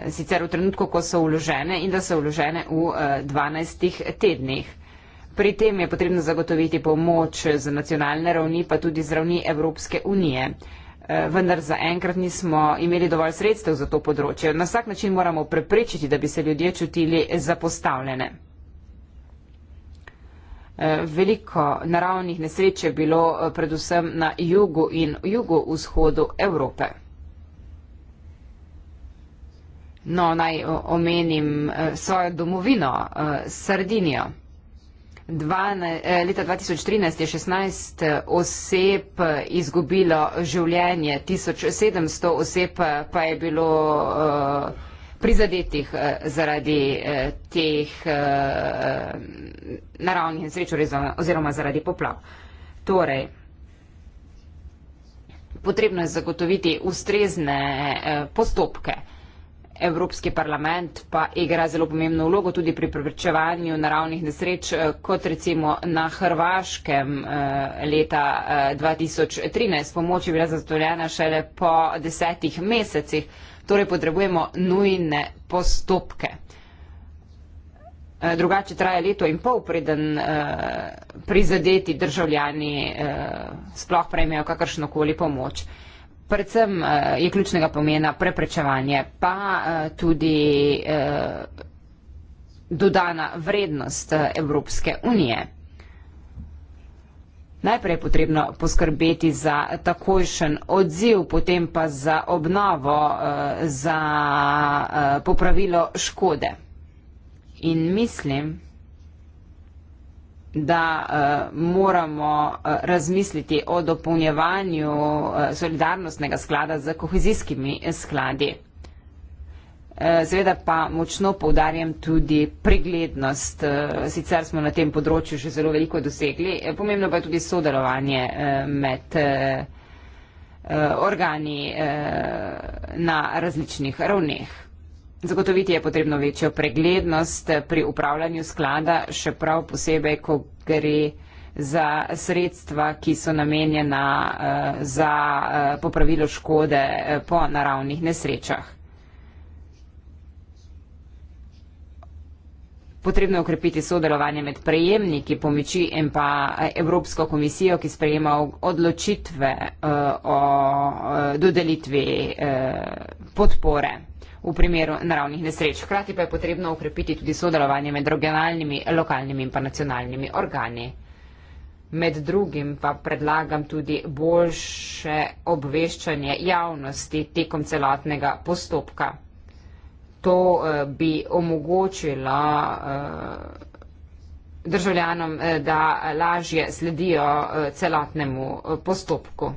sicer v trenutku, ko so vložene in da so vložene v 12 tednih. Pri tem je potrebno zagotoviti pomoč z nacionalne ravni, pa tudi z ravni Evropske unije. E, vendar za enkrat nismo imeli dovolj sredstev za to področje. Na vsak način moramo preprečiti, da bi se ljudje čutili zapostavljene. E, veliko naravnih nesreč je bilo e, predvsem na jugu in jugovzhodu Evrope. No, naj omenim svojo domovino, Sardinijo. 12, eh, leta 2013 je 16 eh, oseb izgubilo življenje, 1700 oseb eh, pa je bilo prizadetih zaradi teh naravnih nesreč oziroma zaradi poplav. Torej, potrebno je zagotoviti ustrezne postopke. Evropski parlament pa igra zelo pomembno vlogo tudi pri preprečevanju naravnih nesreč, eh, kot recimo na Hrvaškem eh, leta 2013. Eh, pomoč je bila zatovljena šele po desetih mesecih, torej potrebujemo nujne postopke. Drugače traja leto in pol, preden prizadeti državljani sploh prejmejo kakršnokoli pomoč predvsem eh, je ključnega pomena preprečevanje, pa eh, tudi eh, dodana vrednost Evropske unije. Najprej je potrebno poskrbeti za takojšen odziv, potem pa za obnovo, za popravilo škode. In mislim, da uh, moramo uh, razmisliti o dopolnjevanju uh, solidarnostnega sklada z kohezijskimi skladi. Seveda pa močno poudarjam tudi preglednost. Sicer smo na tem področju že zelo veliko dosegli, pomembno pa je tudi sodelovanje med organi na različnih ravneh. Zagotoviti je potrebno večjo preglednost pri upravljanju sklada, še prav posebej, ko gre za sredstva, ki so namenjena eh, za eh, popravilo škode eh, po naravnih nesrečah. Potrebno je ukrepiti sodelovanje med prejemniki pomoči in pa Evropsko komisijo, ki sprejema odločitve o dodelitvi podpore v primeru naravnih nesreč. Hkrati pa je potrebno ukrepiti tudi sodelovanje med regionalnimi, lokalnimi in pa nacionalnimi organi. Med drugim pa predlagam tudi boljše obveščanje javnosti tekom celotnega postopka. To eh, bi omogočilo eh, državljanom, eh, da lažje sledijo eh, celotnemu eh, postopku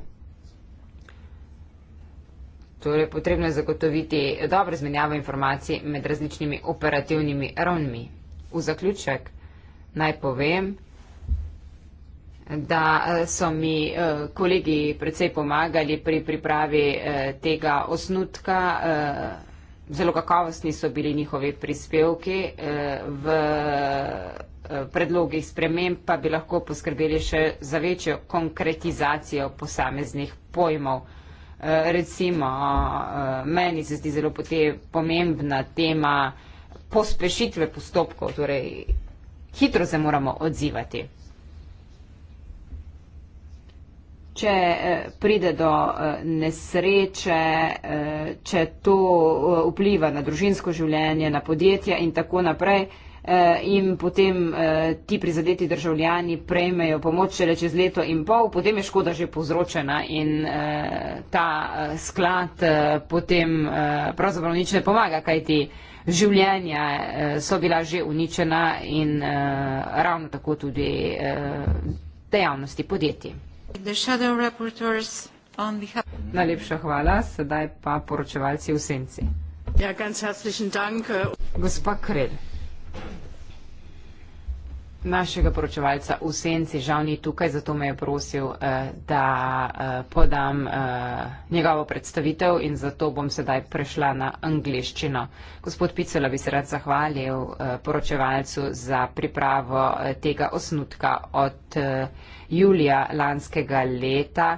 torej potrebno zagotoviti dobro izmenjavo informacij med različnimi operativnimi ravnmi. V zaključek naj povem, da eh, so mi eh, kolegi predvsej pomagali pri pripravi eh, tega osnutka. Zelo kakovostni so bili njihovi prispevki. V predlogih sprememb pa bi lahko poskrbeli še za večjo konkretizacijo posameznih pojmov. Eh, recimo, eh, meni se zdi zelo pomembna tema pospešitve postopkov, torej hitro se moramo odzivati. Če eh, pride do nesreče, če to vpliva na družinsko življenje, na podjetja in tako naprej, Eh, in potem eh, ti prizadeti državljani prejmejo pomoč šele čez leto in pol, potem je škoda že povzročena in eh, ta sklad potem pravzaprav nič ne pomaga, kajti življenja so bila že uničena in ravno tako tudi dejavnosti podjetij. Najlepša hvala, sedaj pa poročevalci v senci. Ja, ganz herzlichen Dank. Äh, Gospa Krell. Našega poročevalca v senci žal ni tukaj, zato me je prosil, eh, da eh, podam eh, njegovo predstavitev in zato bom sedaj prešla na angliščino. Gospod Picola bi se rad zahvalil poročevalcu za pripravo tega osnutka od julija lanskega leta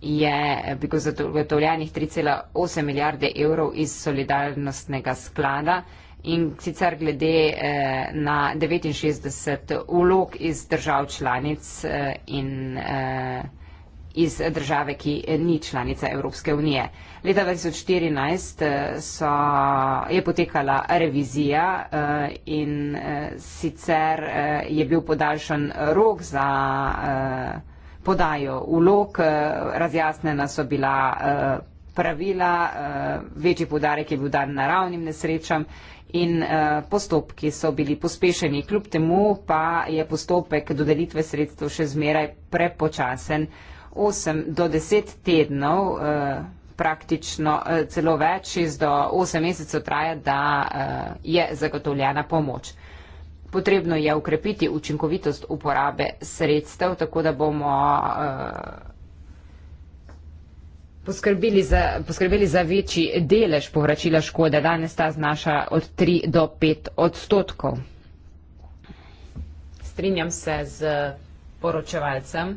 je bilo zagotovljenih 3,8 milijarde evrov iz solidarnostnega sklada in sicer glede eh, na 69 ulog iz držav članic eh, in eh, iz države, ki ni članica Evropske unije. Leta 2014 eh, so, je potekala revizija eh, in eh, sicer eh, je bil podaljšan rok za eh, podajo ulog, eh, razjasnjena so bila. Eh, pravila, eh, večji podarek je bil dan naravnim nesrečam in uh, postopki so bili pospešeni. Kljub temu pa je postopek dodelitve sredstev še zmeraj prepočasen. 8 do 10 tednov, uh, praktično uh, celo več, 6 do 8 mesecev traja, da uh, je zagotovljena pomoč. Potrebno je ukrepiti učinkovitost uporabe sredstev, tako da bomo. Uh, poskrbeli za, poskrbeli za večji delež povračila škode. Danes ta znaša od 3 do 5 odstotkov. Strinjam se z poročevalcem,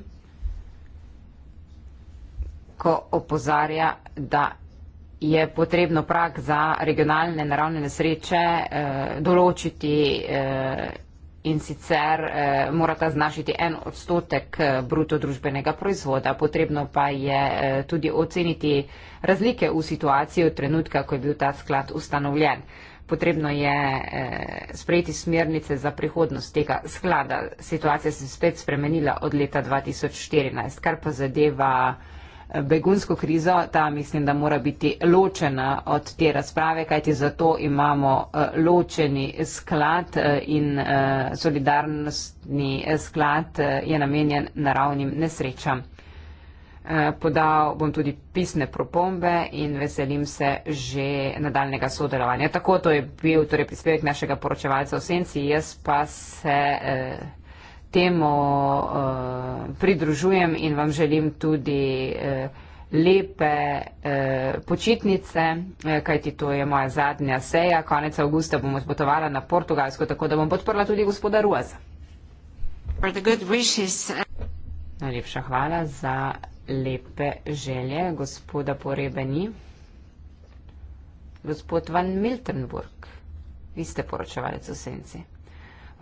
ko opozarja, da je potrebno prak za regionalne naravne nesreče eh, določiti. Eh, in sicer eh, morata znašiti en odstotek eh, bruto družbenega proizvoda. Potrebno pa je eh, tudi oceniti razlike v situaciji od trenutka, ko je bil ta sklad ustanovljen. Potrebno je eh, sprejeti smernice za prihodnost tega sklada. Situacija se je spet spremenila od leta 2014, kar pa zadeva eh, begunsko krizo, ta mislim, da mora biti ločena od te razprave, kajti zato imamo eh, ločeni sklad eh, in eh, solidarnostni sklad je namenjen naravnim nesrečam. Podal bom tudi pisne propombe in veselim se že nadaljnega sodelovanja. Tako to je bil torej, prispevek našega poročevalca v Senci, jaz pa se. Eh, temu uh, eh, pridružujem in vam želim tudi uh, lepe uh, počitnice, uh, kajti to je moja zadnja seja. Konec avgusta bom odpotovala na Portugalsko, tako da bom podprla tudi gospoda Ruaza. Najlepša hvala za lepe želje. Gospoda Porebeni, gospod Van Miltenburg, vi ste poročevalec v senci.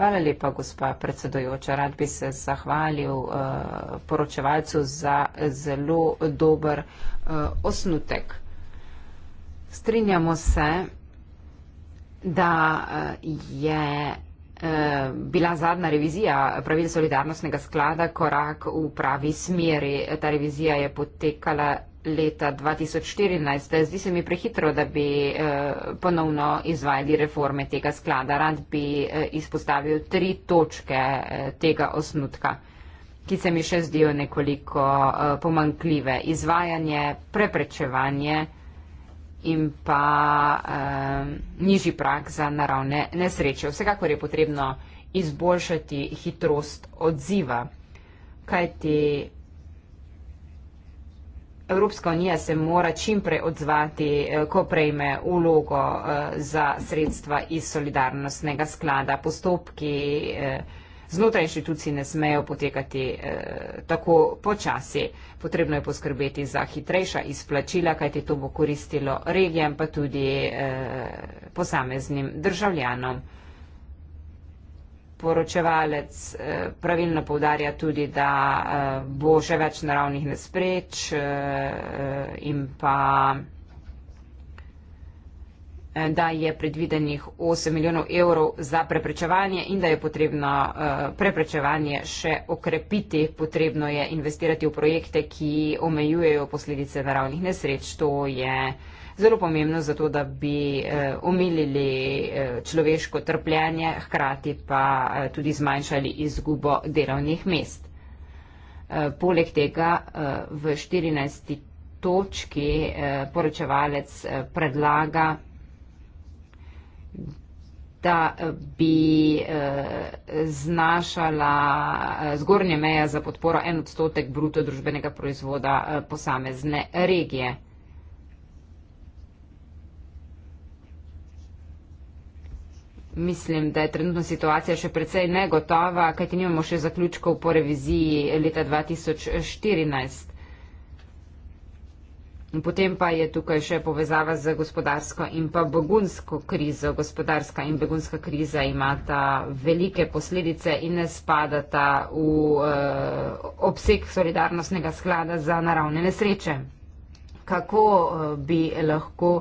Hvala lepa, gospa predsedojoča. Rad bi se zahvalil uh, poročevalcu za zelo dober uh, osnutek. Strinjamo se, da eh, je uh, bila zadnja revizija pravil solidarnostnega sklada korak v pravi smeri. Ta revizija je potekala leta 2014. Zdi se mi prehitro, da bi eh, ponovno izvajali reforme tega sklada. Rad bi eh, izpostavil tri točke eh, tega osnutka ki se mi še zdijo nekoliko pomankljive. Izvajanje, preprečevanje in pa eh, nižji prak za naravne nesreče. Vsekakor je potrebno izboljšati hitrost odziva, kajti Evropska unija se mora čim prej odzvati, eh, ko prejme ulogo eh, za sredstva iz solidarnostnega sklada. Postopki eh, znotraj inštitucij ne smejo potekati tako počasi. Potrebno je poskrbeti za hitrejša izplačila, kajti to bo koristilo regijam, pa tudi posameznim državljanom poročevalec eh, pravilno povdarja tudi, da eh, bo še več naravnih nespreč eh, in pa da je predvidenih 8 milijonov evrov za preprečevanje in da je potrebno preprečevanje še okrepiti. Potrebno je investirati v projekte, ki omejujejo posledice naravnih nesreč. To je uh, zelo pomembno za to, da bi eh, omilili eh, človeško trpljenje, hkrati pa eh, tudi zmanjšali izgubo delovnih mest. Poleg tega v 14. točki poročevalec predlaga, da bi znašala zgornja meja za podporo en odstotek bruto družbenega proizvoda posamezne regije. Mislim, da je trenutna situacija še precej negotova, kaj ti nimamo še zaključkov po reviziji leta 2014. Potem pa je tukaj še povezava z gospodarsko in pa begunsko krizo. Gospodarska in begunska kriza imata velike posledice in ne spadata v eh, obseg solidarnostnega sklada za naravne nesreče. Kako eh, bi lahko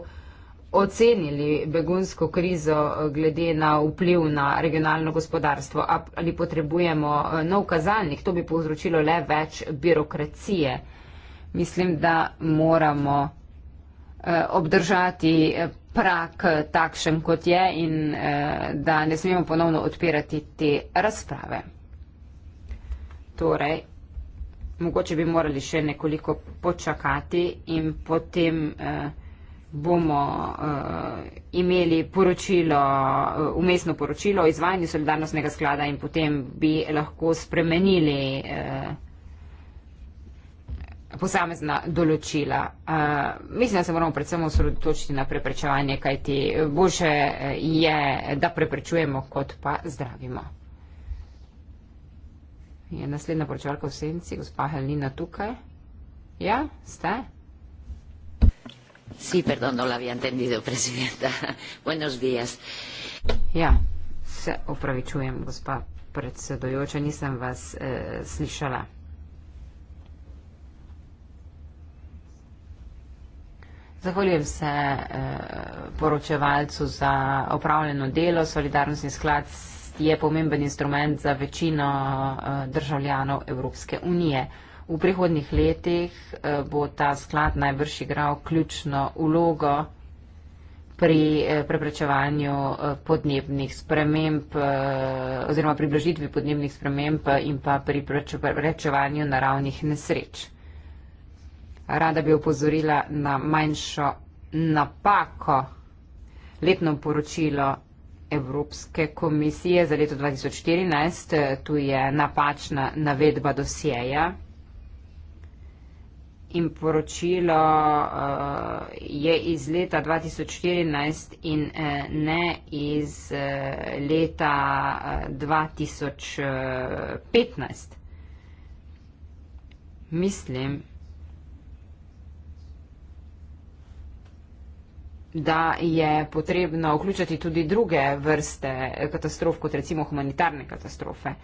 ocenili begunsko krizo eh, glede na vpliv na regionalno gospodarstvo? Ali potrebujemo eh, nov kazalnik? To bi povzročilo le več birokracije. Mislim, da moramo eh, obdržati prak takšen, kot je in da ne smemo ponovno odpirati te razprave. Torej, mogoče bi morali še nekoliko počakati in potem eh, bomo uh, imeli poročilo, uh, umestno poročilo o izvajanju solidarnostnega sklada in potem bi lahko spremenili uh, posamezna določila. Uh, mislim, da se moramo predvsem osredotočiti na preprečevanje, kajti boljše je, da preprečujemo, kot pa zdravimo. Je naslednja poročevalka v senci, gospa Helina tukaj? Ja, ste? Sí, perdón, no lo había entendido, presidenta. Buenos días. Ja, se opravičujem, gospa predsedujoča, nisem vas eh, slišala. Zahvaljujem se eh, poročevalcu za opravljeno delo. Solidarnostni sklad je pomemben instrument za večino eh, državljanov Evropske unije. V prihodnih letih eh, bo ta sklad najbrž igral ključno ulogo pri eh, preprečevanju eh, podnebnih sprememb oziroma pri blažitvi podnebnih sprememb in pa pri preprečevanju naravnih nesreč. Rada bi upozorila na manjšo napako letno poročilo Evropske komisije za leto 2014. Tu je napačna navedba dosjeja in poročilo uh, je iz leta 2014 in uh, ne iz uh, leta 2015. Mislim, da je potrebno vključiti tudi druge vrste katastrof, kot recimo humanitarne katastrofe. Uh,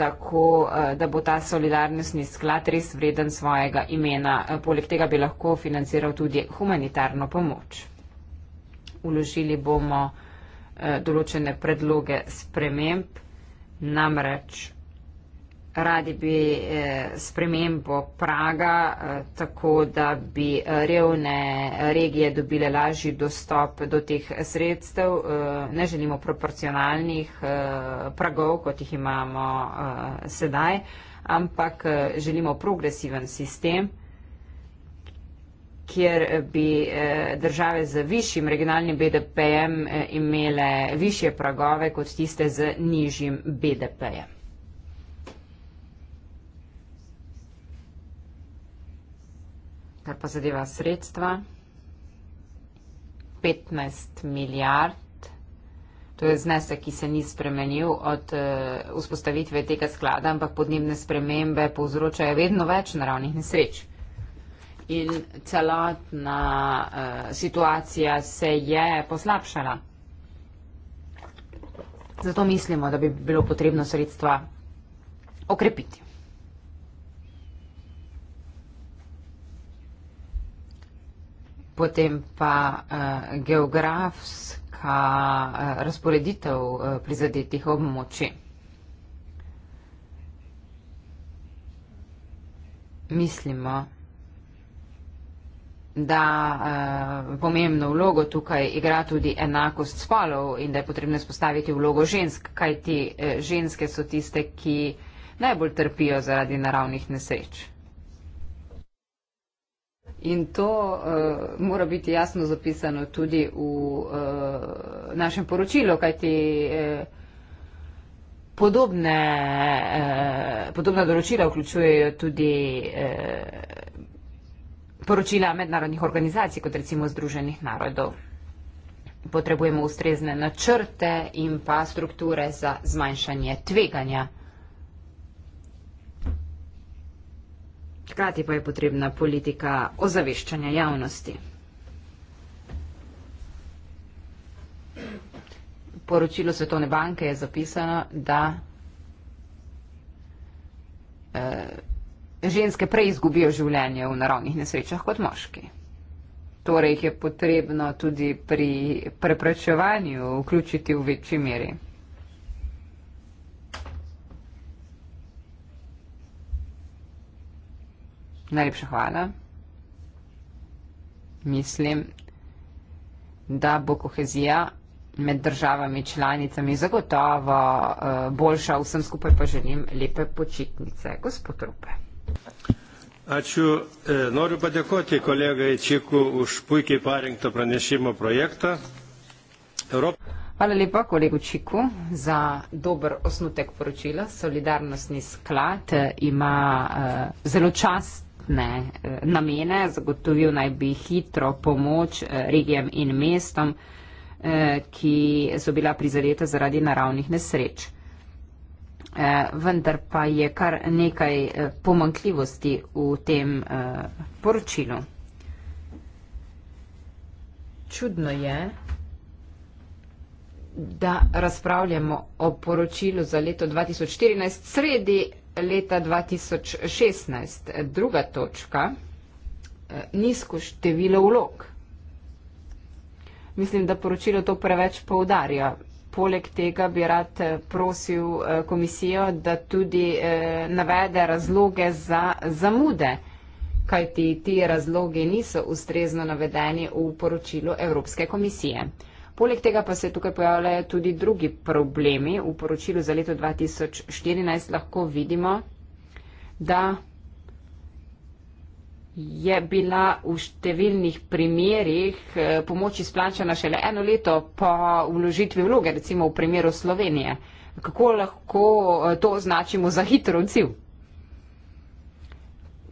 tako, eh, da bo ta solidarnostni sklad res vreden svojega imena. Eh, poleg tega bi lahko financiral tudi humanitarno pomoč. Uložili bomo eh, določene predloge sprememb, namreč radi bi eh, spremembo Praga, eh, tako da bi eh, revne regije dobile lažji dostop do teh sredstev. Ne želimo proporcionalnih pragov, kot jih imamo sedaj, ampak želimo progresiven sistem kjer bi države z višjim regionalnim BDP-jem imele višje pragove kot tiste z nižjim BDP-jem. kar pa zadeva sredstva, 15 milijard, to je znesek, ki se ni spremenil od uh, vzpostavitve tega sklada, ampak podnebne spremembe povzročajo vedno več naravnih nesreč. In celotna uh, situacija se je poslabšala. Zato mislimo, da bi bilo potrebno sredstva okrepiti. potem pa uh, geografska uh, razporeditev uh, prizadetih območij. Mislimo, da uh, pomembno vlogo tukaj igra tudi enakost spolov in da je potrebno spostaviti vlogo žensk, kajti uh, ženske so tiste, ki najbolj trpijo zaradi naravnih nesreč. In to uh, mora biti jasno zapisano tudi v uh, našem poročilu, kajti uh, podobne, uh, podobna določila vključujejo tudi uh, poročila mednarodnih organizacij, kot recimo Združenih narodov. Potrebujemo ustrezne načrte in pa strukture za zmanjšanje tveganja. hkrati pa je potrebna politika ozaveščanja javnosti. Poročilo Svetovne banke je zapisano, da eh, ženske prej izgubijo življenje v naravnih nesrečah kot moški. Torej jih je potrebno tudi pri preprečevanju vključiti v večji meri. Najlepša hvala. Mislim, da bo kohezija med državami članicami zagotovo uh, boljša. Vsem skupaj pa želim lepe počitnice. Gospod Rupe. Ačiū. E, noriu padėkoti kolegai Čiku už puikiai parinktą pranešimo projektą. Europa... Hvala lepa kolegu Čiku za dober osnutek poročila. Solidarnostni sklad eh, ima uh, zelo čast Ne, eh, namene zagotovil naj bi hitro pomoč eh, regijam in mestom, eh, ki so bila prizadeta zaradi naravnih nesreč. Vendar pa je kar nekaj pomankljivosti v tem poročilu. Čudno je, da razpravljamo o poročilu za leto 2014 sredi leta 2016. Druga točka, eh, nizko število vlog. Mislim, da poročilo to preveč poudarja. Poleg tega bi rad eh, prosil eh, komisijo, da tudi navede razloge za zamude, kajti ti razloge niso ustrezno navedeni v poročilu Evropske komisije. Poleg tega pa se tukaj pojavljajo tudi drugi problemi. V poročilu za leto 2014 lahko vidimo, da je bila v številnih primerjih eh, pomoč izplačana šele eno leto po vložitvi vloge, recimo v primeru Slovenije. Kako lahko eh, to označimo za hitro odziv?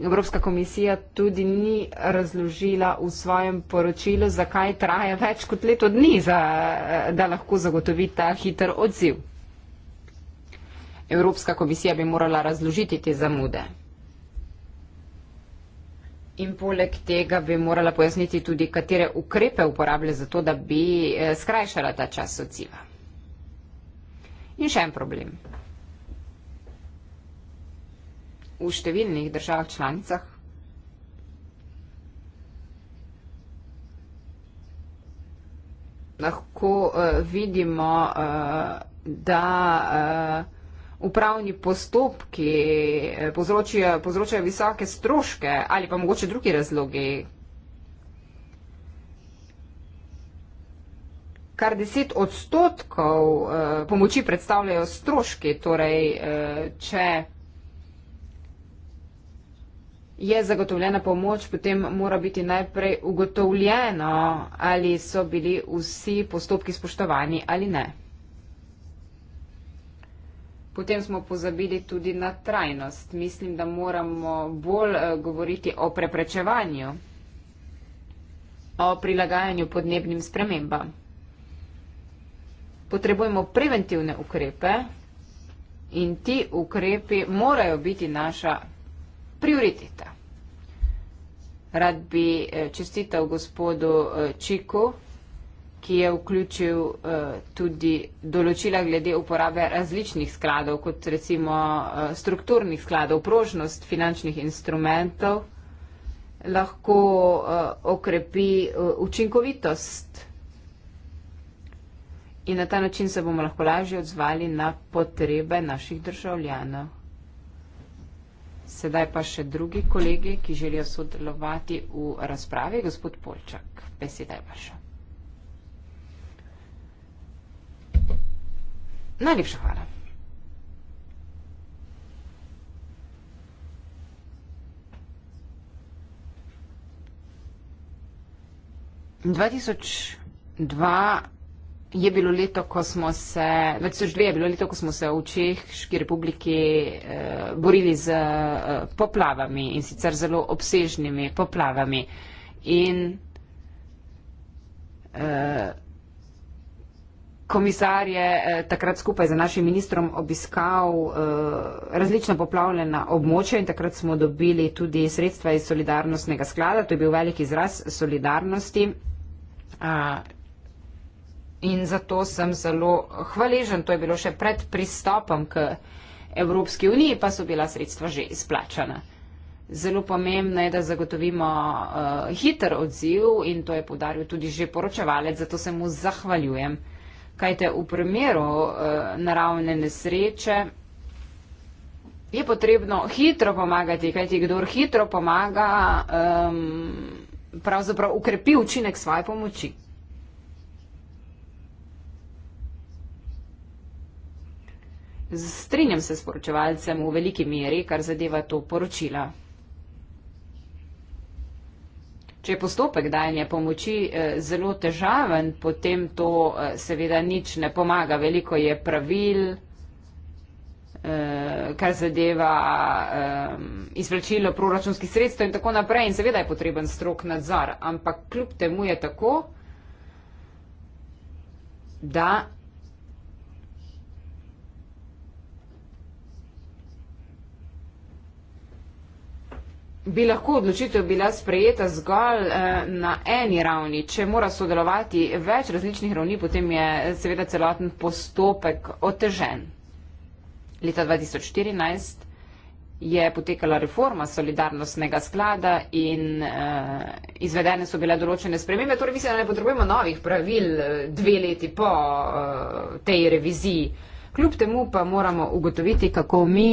Evropska komisija tudi ni razložila v svojem poročilu, zakaj traja več kot leto dni, za, da lahko zagotovi ta hiter odziv. Evropska komisija bi morala razložiti te zamude. In poleg tega bi morala pojasniti tudi, katere ukrepe uporablja za to, da bi eh, skrajšala ta čas odziva. In še en problem v številnih držav članicah? Lahko uh, vidimo, uh, da uh, upravni postopki povzročajo, povzročajo visoke stroške ali pa mogoče drugi razlogi. Kar deset odstotkov uh, pomoči predstavljajo stroški, torej uh, če je zagotovljena pomoč, potem mora biti najprej ugotovljeno, ali so bili vsi postopki spoštovani ali ne. Potem smo pozabili tudi na trajnost. Mislim, da moramo bolj eh, govoriti o preprečevanju, o prilagajanju podnebnim spremembam. Potrebujemo preventivne ukrepe in ti ukrepi morajo biti naša prioriteta. Rad bi eh, čestital gospodu eh, Čiku, ki je vključil eh, tudi določila glede uporabe različnih skladov, kot recimo strukturnih skladov, prožnost finančnih instrumentov, lahko okrepi učinkovitost in na ta način se bomo lahko lažje odzvali na potrebe naših državljanov. Sedaj pa še drugi kolegi, ki želijo sodelovati v razpravi. Gospod Polčak, beseda je vaša. Najlepša hvala. Dva tisoč dva je bilo leto, ko smo se, 2002 je bilo leto, ko smo se v Čehški republiki eh, borili z eh, poplavami in sicer zelo obsežnimi poplavami. In eh, komisar je eh, takrat skupaj z našim ministrom obiskal eh, različna poplavljena območja in takrat smo dobili tudi sredstva iz solidarnostnega sklada. To je bil velik izraz solidarnosti. Eh, in zato sem zelo hvaležen. To je bilo še pred pristopom k Evropski uniji, pa so bila sredstva že izplačana. Zelo pomembno je, da zagotovimo uh, hiter odziv in to je podaril tudi že poročevalec, zato se mu zahvaljujem. Kajte v primeru uh, naravne nesreče je potrebno hitro pomagati, kajte kdor hitro pomaga, um, pravzaprav ukrepi učinek svoje pomoči. Strinjam se s poročevalcem v veliki meri, kar zadeva to poročila. Če je postopek dajanja pomoči eh, zelo težaven, potem to eh, seveda nič ne pomaga. Veliko je pravil, eh, kar zadeva izplačilo proračunskih sredstev in tako naprej. In seveda je potreben strok nadzor, ampak kljub temu je tako, da bi lahko odločitev bila sprejeta zgolj eh, na eni ravni. Če mora sodelovati več različnih ravni, potem je seveda celoten postopek otežen. Leta 2014 je potekala reforma solidarnostnega sklada in eh, izvedene so bile določene spremembe. Torej mislim, da ne potrebujemo novih pravil eh, dve leti po tej reviziji. Kljub temu pa moramo ugotoviti, kako mi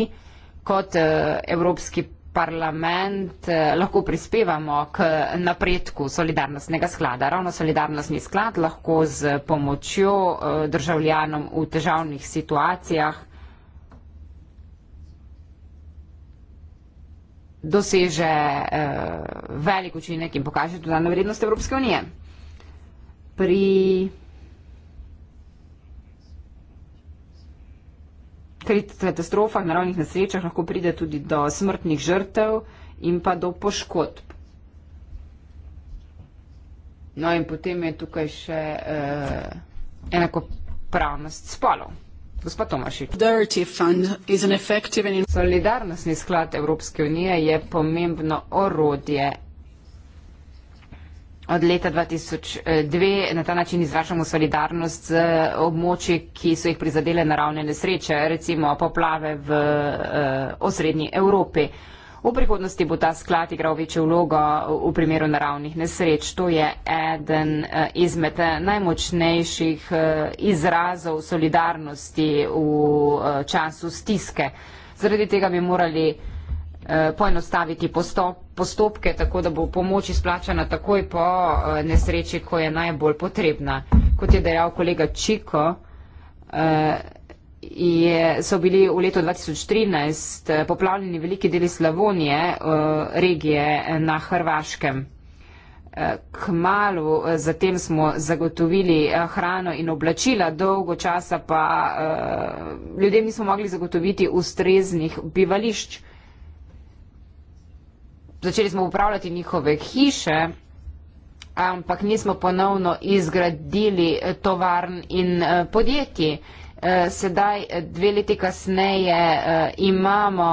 kot Evropski parlament parlament eh, lahko prispevamo k napredku solidarnostnega sklada. Ravno solidarnostni sklad lahko z pomočjo eh, državljanom v težavnih situacijah doseže eh, velik učinek in pokaže dodano vrednost Evropske unije. Pri pri katastrofah, naravnih nesrečah lahko pride tudi do smrtnih žrtev in pa do poškodb. No in potem je tukaj še eh, enakopravnost spolov. Gospod Tomašič. Solidarnostni sklad Evropske unije je pomembno orodje od leta 2002 na ta način izražamo solidarnost z eh, območji, ki so jih prizadele naravne nesreče, recimo poplave v uh, osrednji Evropi. V prihodnosti bo ta sklad igral večjo vlogo v primeru naravnih nesreč. To je eden eh, izmed najmočnejših izrazov solidarnosti v času stiske. Zaradi tega bi morali Eh, poenostaviti postopke, tako da bo pomoč izplačana takoj po eh, nesreči, ko je najbolj potrebna. Kot je dejal kolega Čiko, eh, je, so bili v letu 2013 poplavljeni veliki deli Slavonije, regije na Hrvaškem. Kmalu zatem smo zagotovili hrano in oblačila, dolgo časa pa ljudem nismo mogli zagotoviti ustreznih bivališč začeli smo upravljati njihove hiše, ampak nismo ponovno izgradili tovarn in eh, podjetji. Eh, sedaj, eh, dve leti kasneje, imamo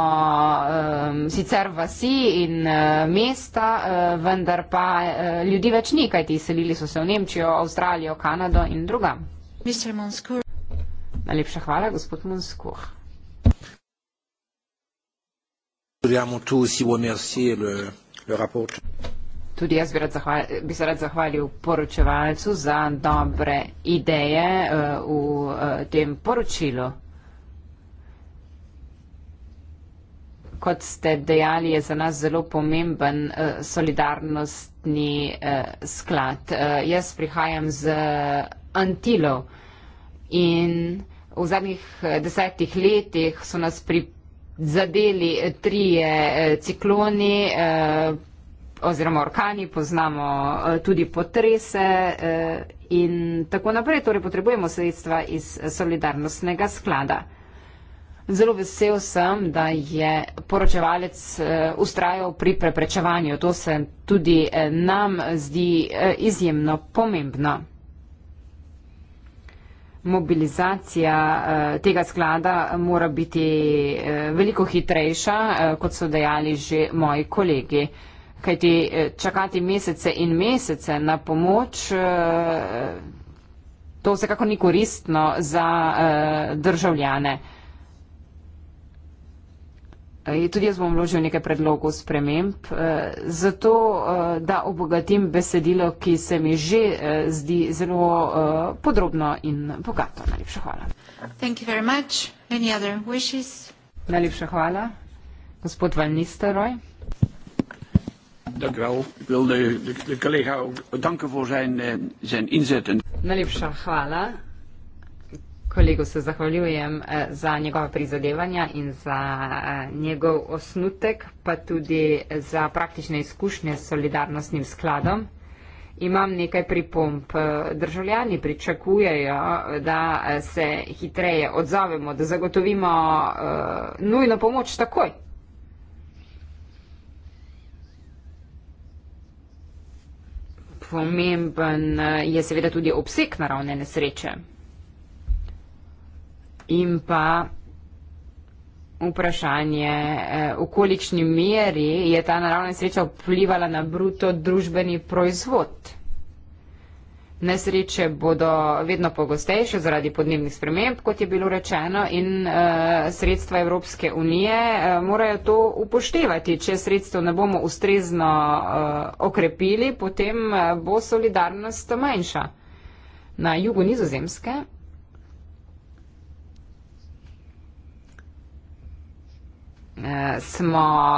sicer vasi in mesta, vendar pa ljudi več ni, kajti selili so se v Nemčijo, Avstralijo, Kanado in druga. Najlepša hvala, gospod Monskuh. E Tudi jaz bi, zahval, bi se rad zahvalil poročevalcu za dobre ideje uh, v uh, tem poročilu. Kot ste dejali, je za nas zelo pomemben uh, solidarnostni uh, sklad. Uh, jaz prihajam z Antilo in v zadnjih desetih letih so nas pripravili zadeli eh, trije eh, cikloni eh, oziroma orkani, poznamo tudi potrese in tako naprej. Torej potrebujemo sredstva iz solidarnostnega sklada. Zelo vesel sem, da je poročevalec ustrajal pri preprečevanju. To se tudi nam zdi izjemno pomembno mobilizacija eh, tega sklada mora biti eh, veliko hitrejša, eh, kot so dejali že moji kolegi. Kajti čakati mesece in mesece na pomoč, to vsekako ni koristno za državljane. Eh, tudi jaz bom vložil nekaj predlogov sprememb, eh, zato eh, da obogatim besedilo, ki se mi že zdi zelo podrobno in bogato. Najlepša hvala. Najlepša hvala. Gospod Valnisteroj. Najlepša hvala. Kolegu se zahvaljujem eh, za njegova prizadevanja in za eh, njegov osnutek, pa tudi za praktične izkušnje s solidarnostnim skladom. Imam nekaj pripomp. Eh, državljani pričakujejo, da se hitreje odzovemo, da zagotovimo nujno pomoč takoj. Pomemben je seveda tudi obseg naravne nesreče in pa vprašanje, e, v kolikšni meri je ta naravna sreča vplivala na bruto družbeni proizvod. Nesreče bodo vedno pogostejše zaradi podnebnih sprememb, kot je bilo rečeno, in e, sredstva Evropske unije e, morajo to upoštevati. Če sredstvo ne bomo ustrezno e, okrepili, potem e, bo solidarnost manjša. Na jugu nizozemske smo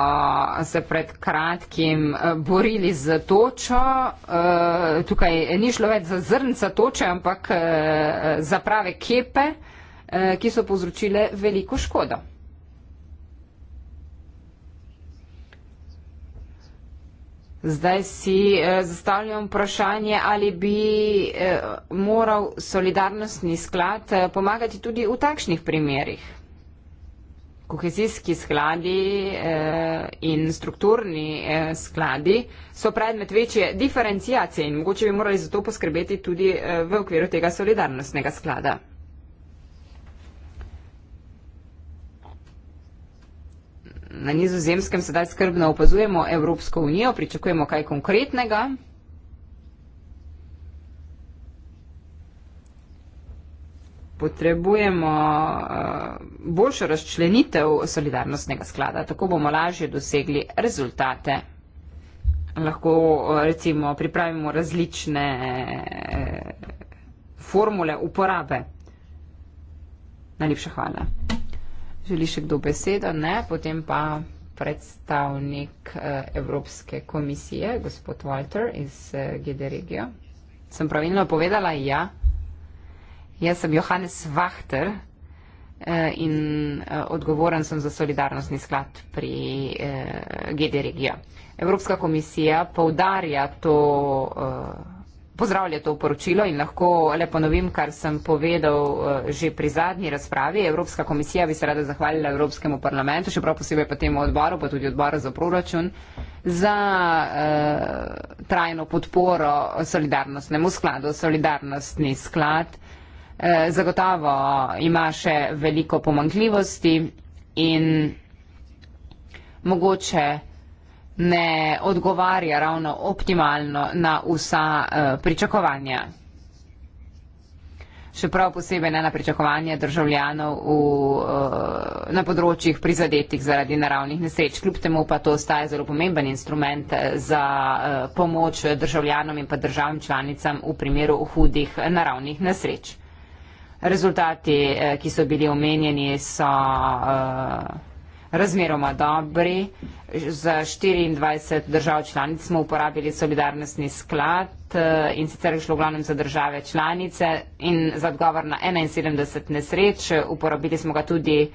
se pred kratkim eh, borili z točo. Eh, tukaj ni šlo več za zrnca toče, ampak eh, za prave kepe, ki so povzročile veliko škodo. Zdaj si zastavljam vprašanje, ali bi moral solidarnostni sklad pomagati tudi v takšnih primerjih. Kohezijski skladi eh, in strukturni eh, skladi so predmet večje diferencijacije in mogoče bi morali za to poskrbeti tudi eh, v okviru tega solidarnostnega sklada. Na nizozemskem sedaj skrbno opazujemo Evropsko unijo, pričakujemo kaj konkretnega. potrebujemo eh, boljšo razčlenitev solidarnostnega sklada, tako bomo lažje dosegli rezultate. Lahko eh, recimo pripravimo različne eh, formule uporabe. Najlepša hvala. Želi še kdo besedo? Ne. Potem pa predstavnik Evropske komisije, gospod Walter iz GD Regio. Sem pravilno povedala? Ja. Jaz sem Johannes Vahter eh, in eh, odgovoren sem za solidarnostni sklad pri eh, GD Regija. Evropska komisija poudarja to, pozdravlja to poročilo in lahko le ponovim, kar sem povedal že pri zadnji razpravi. Evropska komisija bi se rada zahvalila Evropskemu parlamentu, še prav posebej pa temu odboru, pa tudi odboru za proračun, za trajno podporo solidarnostnemu skladu, solidarnostni sklad, Eh, zagotovo ima še veliko pomankljivosti in mogoče ne odgovarja ravno optimalno na vsa eh, pričakovanja. Še prav posebej ne na pričakovanje državljanov v, eh, na področjih prizadetih zaradi naravnih nesreč. Kljub temu pa to ostaje zelo pomemben instrument za pomoč državljanom in pa državam članicam v primeru hudih naravnih nesreč. Rezultati, eh, ki so bili omenjeni, so eh, razmeroma dobri. Za 24 držav članic smo uporabili solidarnostni sklad eh, in sicer je šlo v glavnem za države članice in za odgovor na 71 nesreč. Uporabili smo ga tudi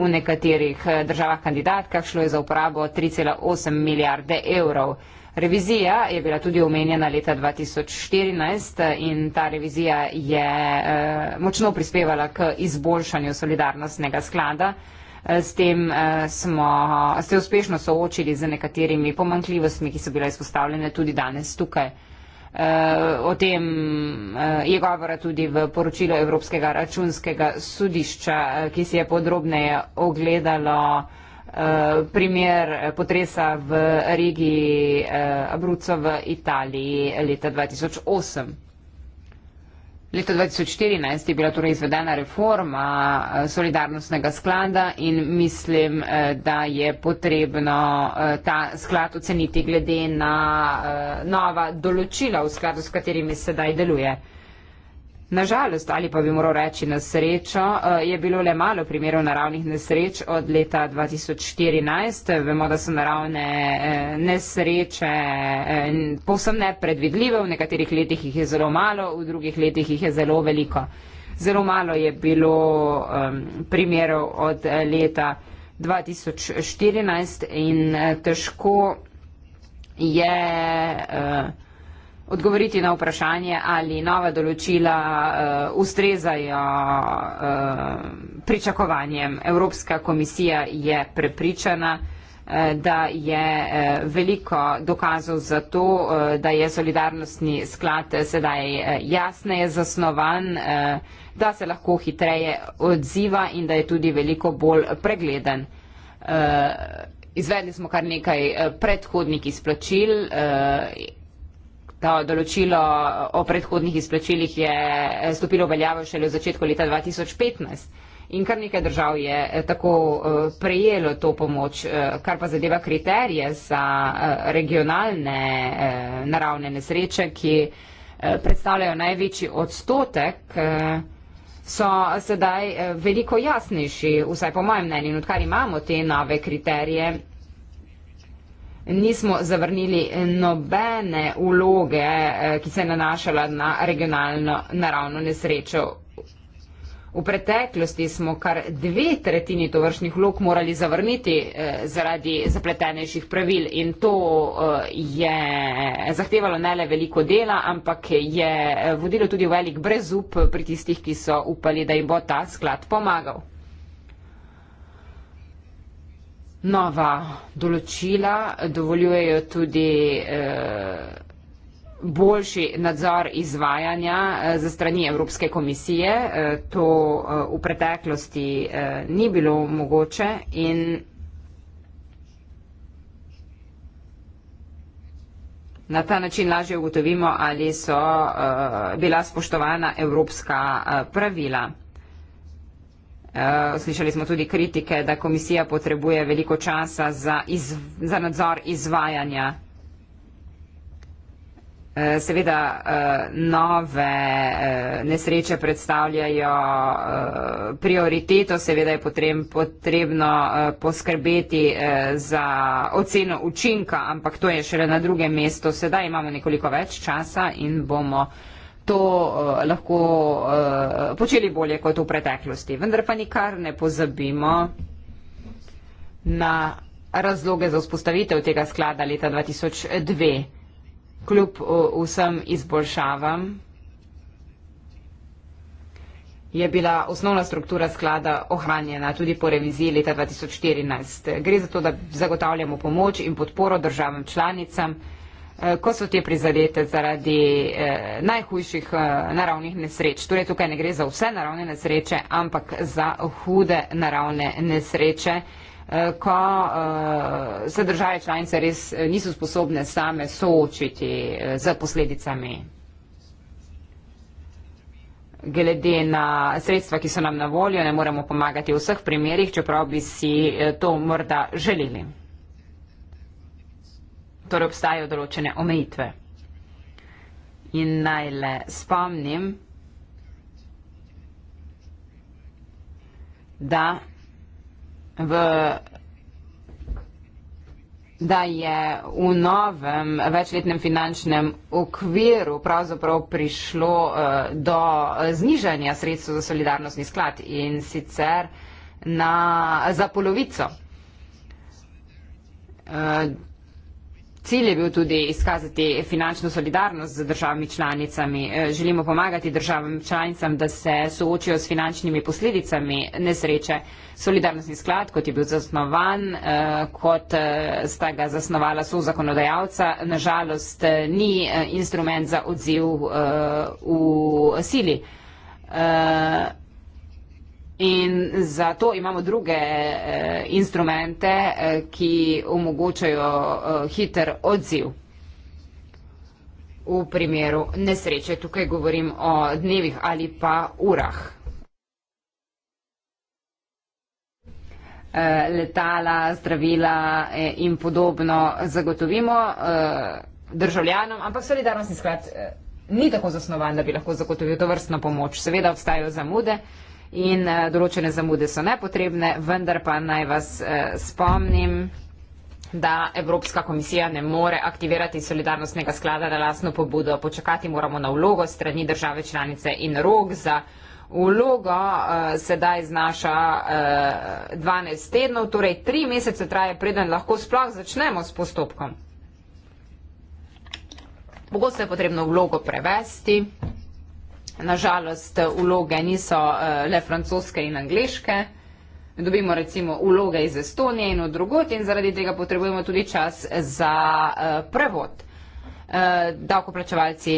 v nekaterih državah kandidatkah, šlo je za uporabo 3,8 milijarde evrov. Revizija je bila tudi omenjena leta 2014 in ta revizija je eh, močno prispevala k izboljšanju solidarnostnega sklada. Eh, s tem eh, smo se uspešno soočili z nekaterimi pomankljivostmi, ki so bile izpostavljene tudi danes tukaj. O tem je govora tudi v poročilu Evropskega računskega sodišča, ki si je podrobneje ogledalo Eh, primer eh, potresa v regiji eh, Abruzzo v Italiji leta 2008. Leto 2014 je bila torej izvedena reforma solidarnostnega sklada in mislim, da je potrebno ta sklad oceniti glede na nova določila v skladu, s katerimi sedaj deluje. Nažalost, ali pa bi moral reči na srečo, eh, je bilo le malo primerov naravnih nesreč od leta 2014. Vemo, da so naravne eh, nesreče eh, povsem nepredvidljive, v nekaterih letih jih je zelo malo, v drugih letih jih je zelo veliko. Zelo malo je bilo primerov od leta 2014 in težko je odgovoriti na vprašanje, ali nova določila uh, ustrezajo uh, pričakovanjem. Evropska komisija je prepričana, uh, da je uh, veliko dokazov za to, uh, da je solidarnostni sklad sedaj jasneje zasnovan, uh, da se lahko hitreje odziva in da je tudi veliko bolj pregleden. Uh, izvedli smo kar nekaj predhodnik izplačil. Uh, To določilo o predhodnih izplačilih je eh, stopilo veljavo šele v začetku leta 2015 in kar nekaj držav je eh, tako eh, prejelo to pomoč, kar pa zadeva kriterije za regionalne naravne nesreče, ki predstavljajo največji odstotek, so sedaj veliko jasnejši, vsaj po mojem mnenju, odkar imamo te nove kriterije nismo zavrnili nobene vloge, eh, ki se je nanašala na regionalno naravno nesrečo. V preteklosti smo kar dve tretjini tovršnih vlog morali zavrniti eh, zaradi zapletenejših pravil in to eh, je zahtevalo ne le veliko dela, ampak je vodilo tudi v velik brezup pri tistih, ki so upali, da jim bo ta sklad pomagal. nova določila, dovoljujejo tudi eh, boljši nadzor izvajanja eh, za strani Evropske komisije. Eh, to v preteklosti ni bilo mogoče in na ta način lažje ugotovimo, ali so bila spoštovana evropska pravila. Eh, slišali smo tudi kritike, da komisija potrebuje veliko časa za, iz, za nadzor izvajanja. Eh, seveda eh, nove nesreče predstavljajo prioriteto, seveda je potrebno poskrbeti za oceno učinka, ampak to je šele na drugem mestu. Sedaj imamo nekoliko več časa in bomo to uh, lahko uh, počeli bolje kot v preteklosti. Vendar pa nikar ne pozabimo na razloge za vzpostavitev tega sklada leta 2002. Kljub uh, vsem izboljšavam je bila osnovna struktura sklada ohranjena tudi po reviziji leta 2014. Gre za to, da zagotavljamo pomoč in podporo državam članicam, Eh, ko so te prizadete zaradi eh, najhujših eh, naravnih nesreč. Torej, tukaj ne gre za vse naravne nesreče, ampak za hude naravne nesreče, eh, ko eh, se države članice res eh, niso sposobne same soočiti eh, z posledicami glede na sredstva, ki so nam na voljo, ne moremo pomagati v vseh primerjih, čeprav bi si eh, to morda želeli torej obstajajo določene omejitve. In naj le spomnim, da, v, da je v novem večletnem finančnem okviru pravzaprav prišlo uh, do eh, znižanja sredstv za solidarnostni sklad in sicer na, za polovico. Uh, Cilj je bil tudi izkazati finančno solidarnost z državami članicami. E, želimo pomagati državam članicam, da se soočijo s finančnimi posledicami nesreče. Solidarnostni sklad, kot je bil zasnovan, e, kot e, sta ga zasnovala so zakonodajalca, nažalost ni instrument za odziv v sili. In zato imamo druge eh, instrumente, eh, ki omogočajo eh, hiter odziv v primeru nesreče. Tukaj govorim o dnevih ali pa urah. Eh, letala, zdravila eh, in podobno zagotovimo eh, državljanom, ampak solidarnostni sklad eh, ni tako zasnovan, da bi lahko zagotovil to vrstno pomoč. Seveda obstajajo zamude. Eh, in eh, določene zamude so nepotrebne, vendar pa naj vas eh, spomnim, da Evropska komisija ne more aktivirati solidarnostnega sklada na lasno pobudo. Počakati moramo na vlogo strani države članice in rok za vlogo uh, sedaj znaša uh, 12 tednov, torej tri mesece traje, preden lahko sploh začnemo s postopkom. Pogosto je potrebno vlogo prevesti nažalost vloge niso eh, le francoske in angliške. Dobimo recimo vloge iz Estonije in od drugot in zaradi tega potrebujemo tudi čas za eh, prevod. Eh, davkoplačevalci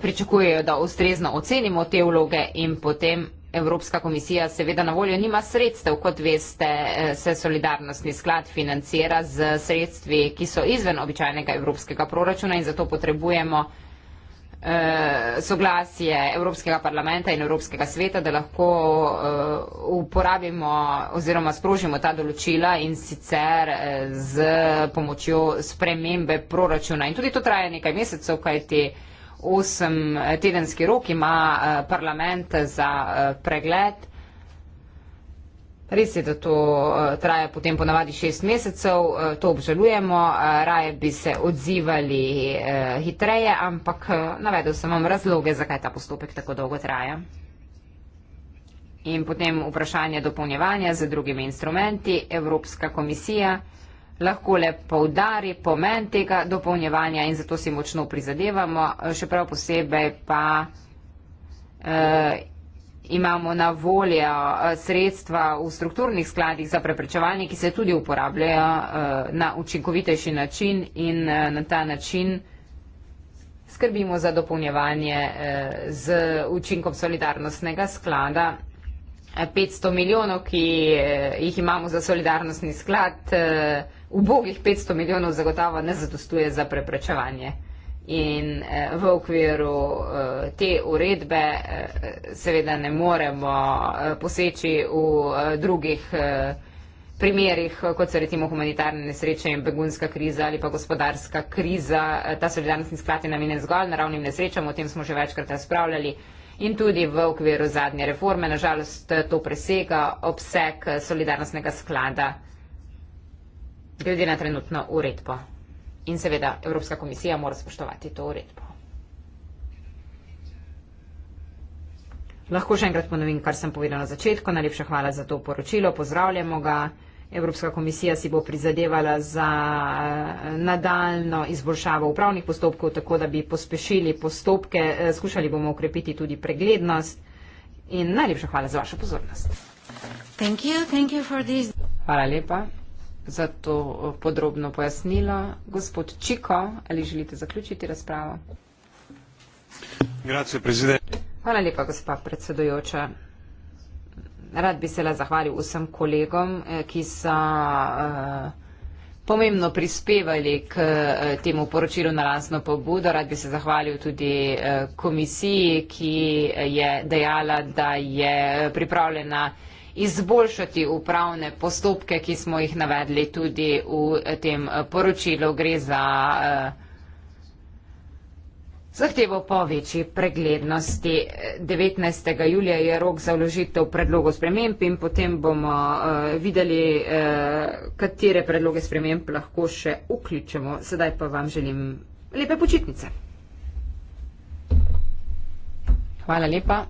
pričakujejo, da ustrezno ocenimo te vloge in potem Evropska komisija seveda na voljo nima sredstev, kot veste, se solidarnostni sklad financira z sredstvi, ki so izven običajnega evropskega proračuna in zato potrebujemo sredstvo. Eh, soglasje Evropskega parlamenta in Evropskega sveta, da lahko eh, uporabimo oziroma sprožimo ta določila in sicer eh, z pomočjo spremembe proračuna. In tudi to traja nekaj mesecev, kajti osem tedenski rok ima parlament za pregled. Res je, da to eh, traja potem ponavadi šest mesecev, eh, to obžalujemo, eh, raje bi se odzivali hitreje, ampak navedel sem vam razloge, zakaj ta postopek tako dolgo traja. In potem vprašanje dopolnjevanja z drugimi instrumenti. Evropska komisija lahko le poudari pomen tega dopolnjevanja in zato si močno prizadevamo, še prav posebej pa. Eh, imamo na voljo eh, sredstva v strukturnih skladih za preprečevanje, ki se tudi uporabljajo eh, na učinkovitejši način in eh, na ta način skrbimo za dopolnjevanje z učinkom solidarnostnega sklada. 500 milijonov, ki jih imamo za solidarnostni sklad, v bogih 500 milijonov zagotovo ne zadostuje za preprečevanje. In eh, v okviru eh, te uredbe eh, seveda ne moremo poseči v drugih primerih, kot so recimo humanitarne nesreče in begunska kriza ali pa gospodarska kriza. Ta solidarnostni sklad je namenjen zgolj naravnim nesrečam, o tem smo že večkrat razpravljali. In tudi v okviru zadnje reforme, nažalost, to presega obseg solidarnostnega sklada glede na trenutno uredbo. In seveda Evropska komisija mora spoštovati to uredbo. Lahko še enkrat ponovim, kar sem povedal na začetku. Najlepša hvala za to poročilo. Pozdravljamo ga. Evropska komisija si bo prizadevala za eh, nadaljno izboljšavo upravnih postopkov, tako da bi pospešili postopke. Eh, skušali bomo ukrepiti tudi preglednost. In najlepša hvala za vašo pozornost. Thank you, thank you hvala lepa za to eh, podrobno pojasnilo. Gospod Čiko, ali želite zaključiti razpravo? Grazie, Hvala lepa, gospa predsedujoča. Rad bi se le zahvalil vsem kolegom, eh, ki so eh, pomembno prispevali k temu poročilu na lastno pobudo. Rad bi se zahvalil tudi komisiji, ki je dejala, da je pripravljena izboljšati upravne postopke, ki smo jih navedli tudi v tem eh, poročilu. Gre za eh, zahtevo po večji preglednosti. 19. Eh, julija je rok za vložitev predlogov sprememb in potem bomo videli, katere predloge sprememb lahko še vključimo. Sedaj pa vam želim lepe počitnice. Hvala lepa.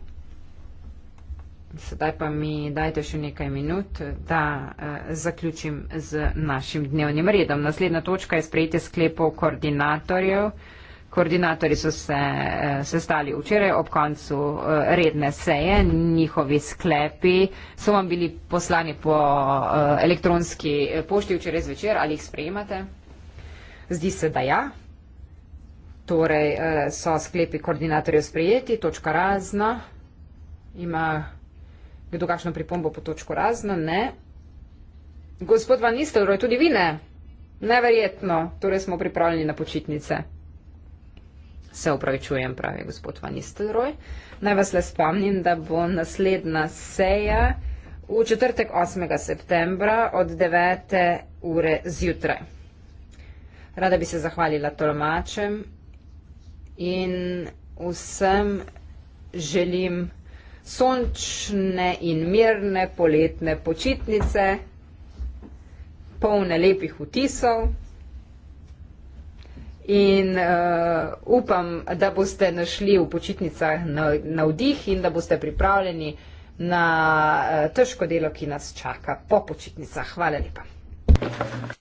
Sedaj pa mi dajte še nekaj minut, da uh, zaključim z našim dnevnim redom. Naslednja točka je sprejetje sklepov koordinatorjev. Koordinatori so se uh, sestali včeraj ob koncu uh, redne seje. Njihovi sklepi so vam bili poslani po uh, elektronski pošti včeraj zvečer ali jih sprejemate? Zdi se, da ja. Torej uh, so sklepi koordinatorjev sprejeti, točka razna. Ima je tu kakšno pripombo po točku razno? Ne. Gospod Van Nistelrooy, tudi vi ne? Neverjetno, torej smo pripravljeni na počitnice. Se upravičujem, pravi gospod Van Nistelrooy. Naj vas le spomnim, da bo naslednja seja v četrtek 8. septembra od 9. ure zjutraj. Rada bi se zahvalila tolmačem in vsem želim sončne in mirne poletne počitnice, polne lepih vtisov. In uh, upam, da boste našli v počitnicah navdih na in da boste pripravljeni na uh, težko delo, ki nas čaka po počitnicah. Hvala lepa.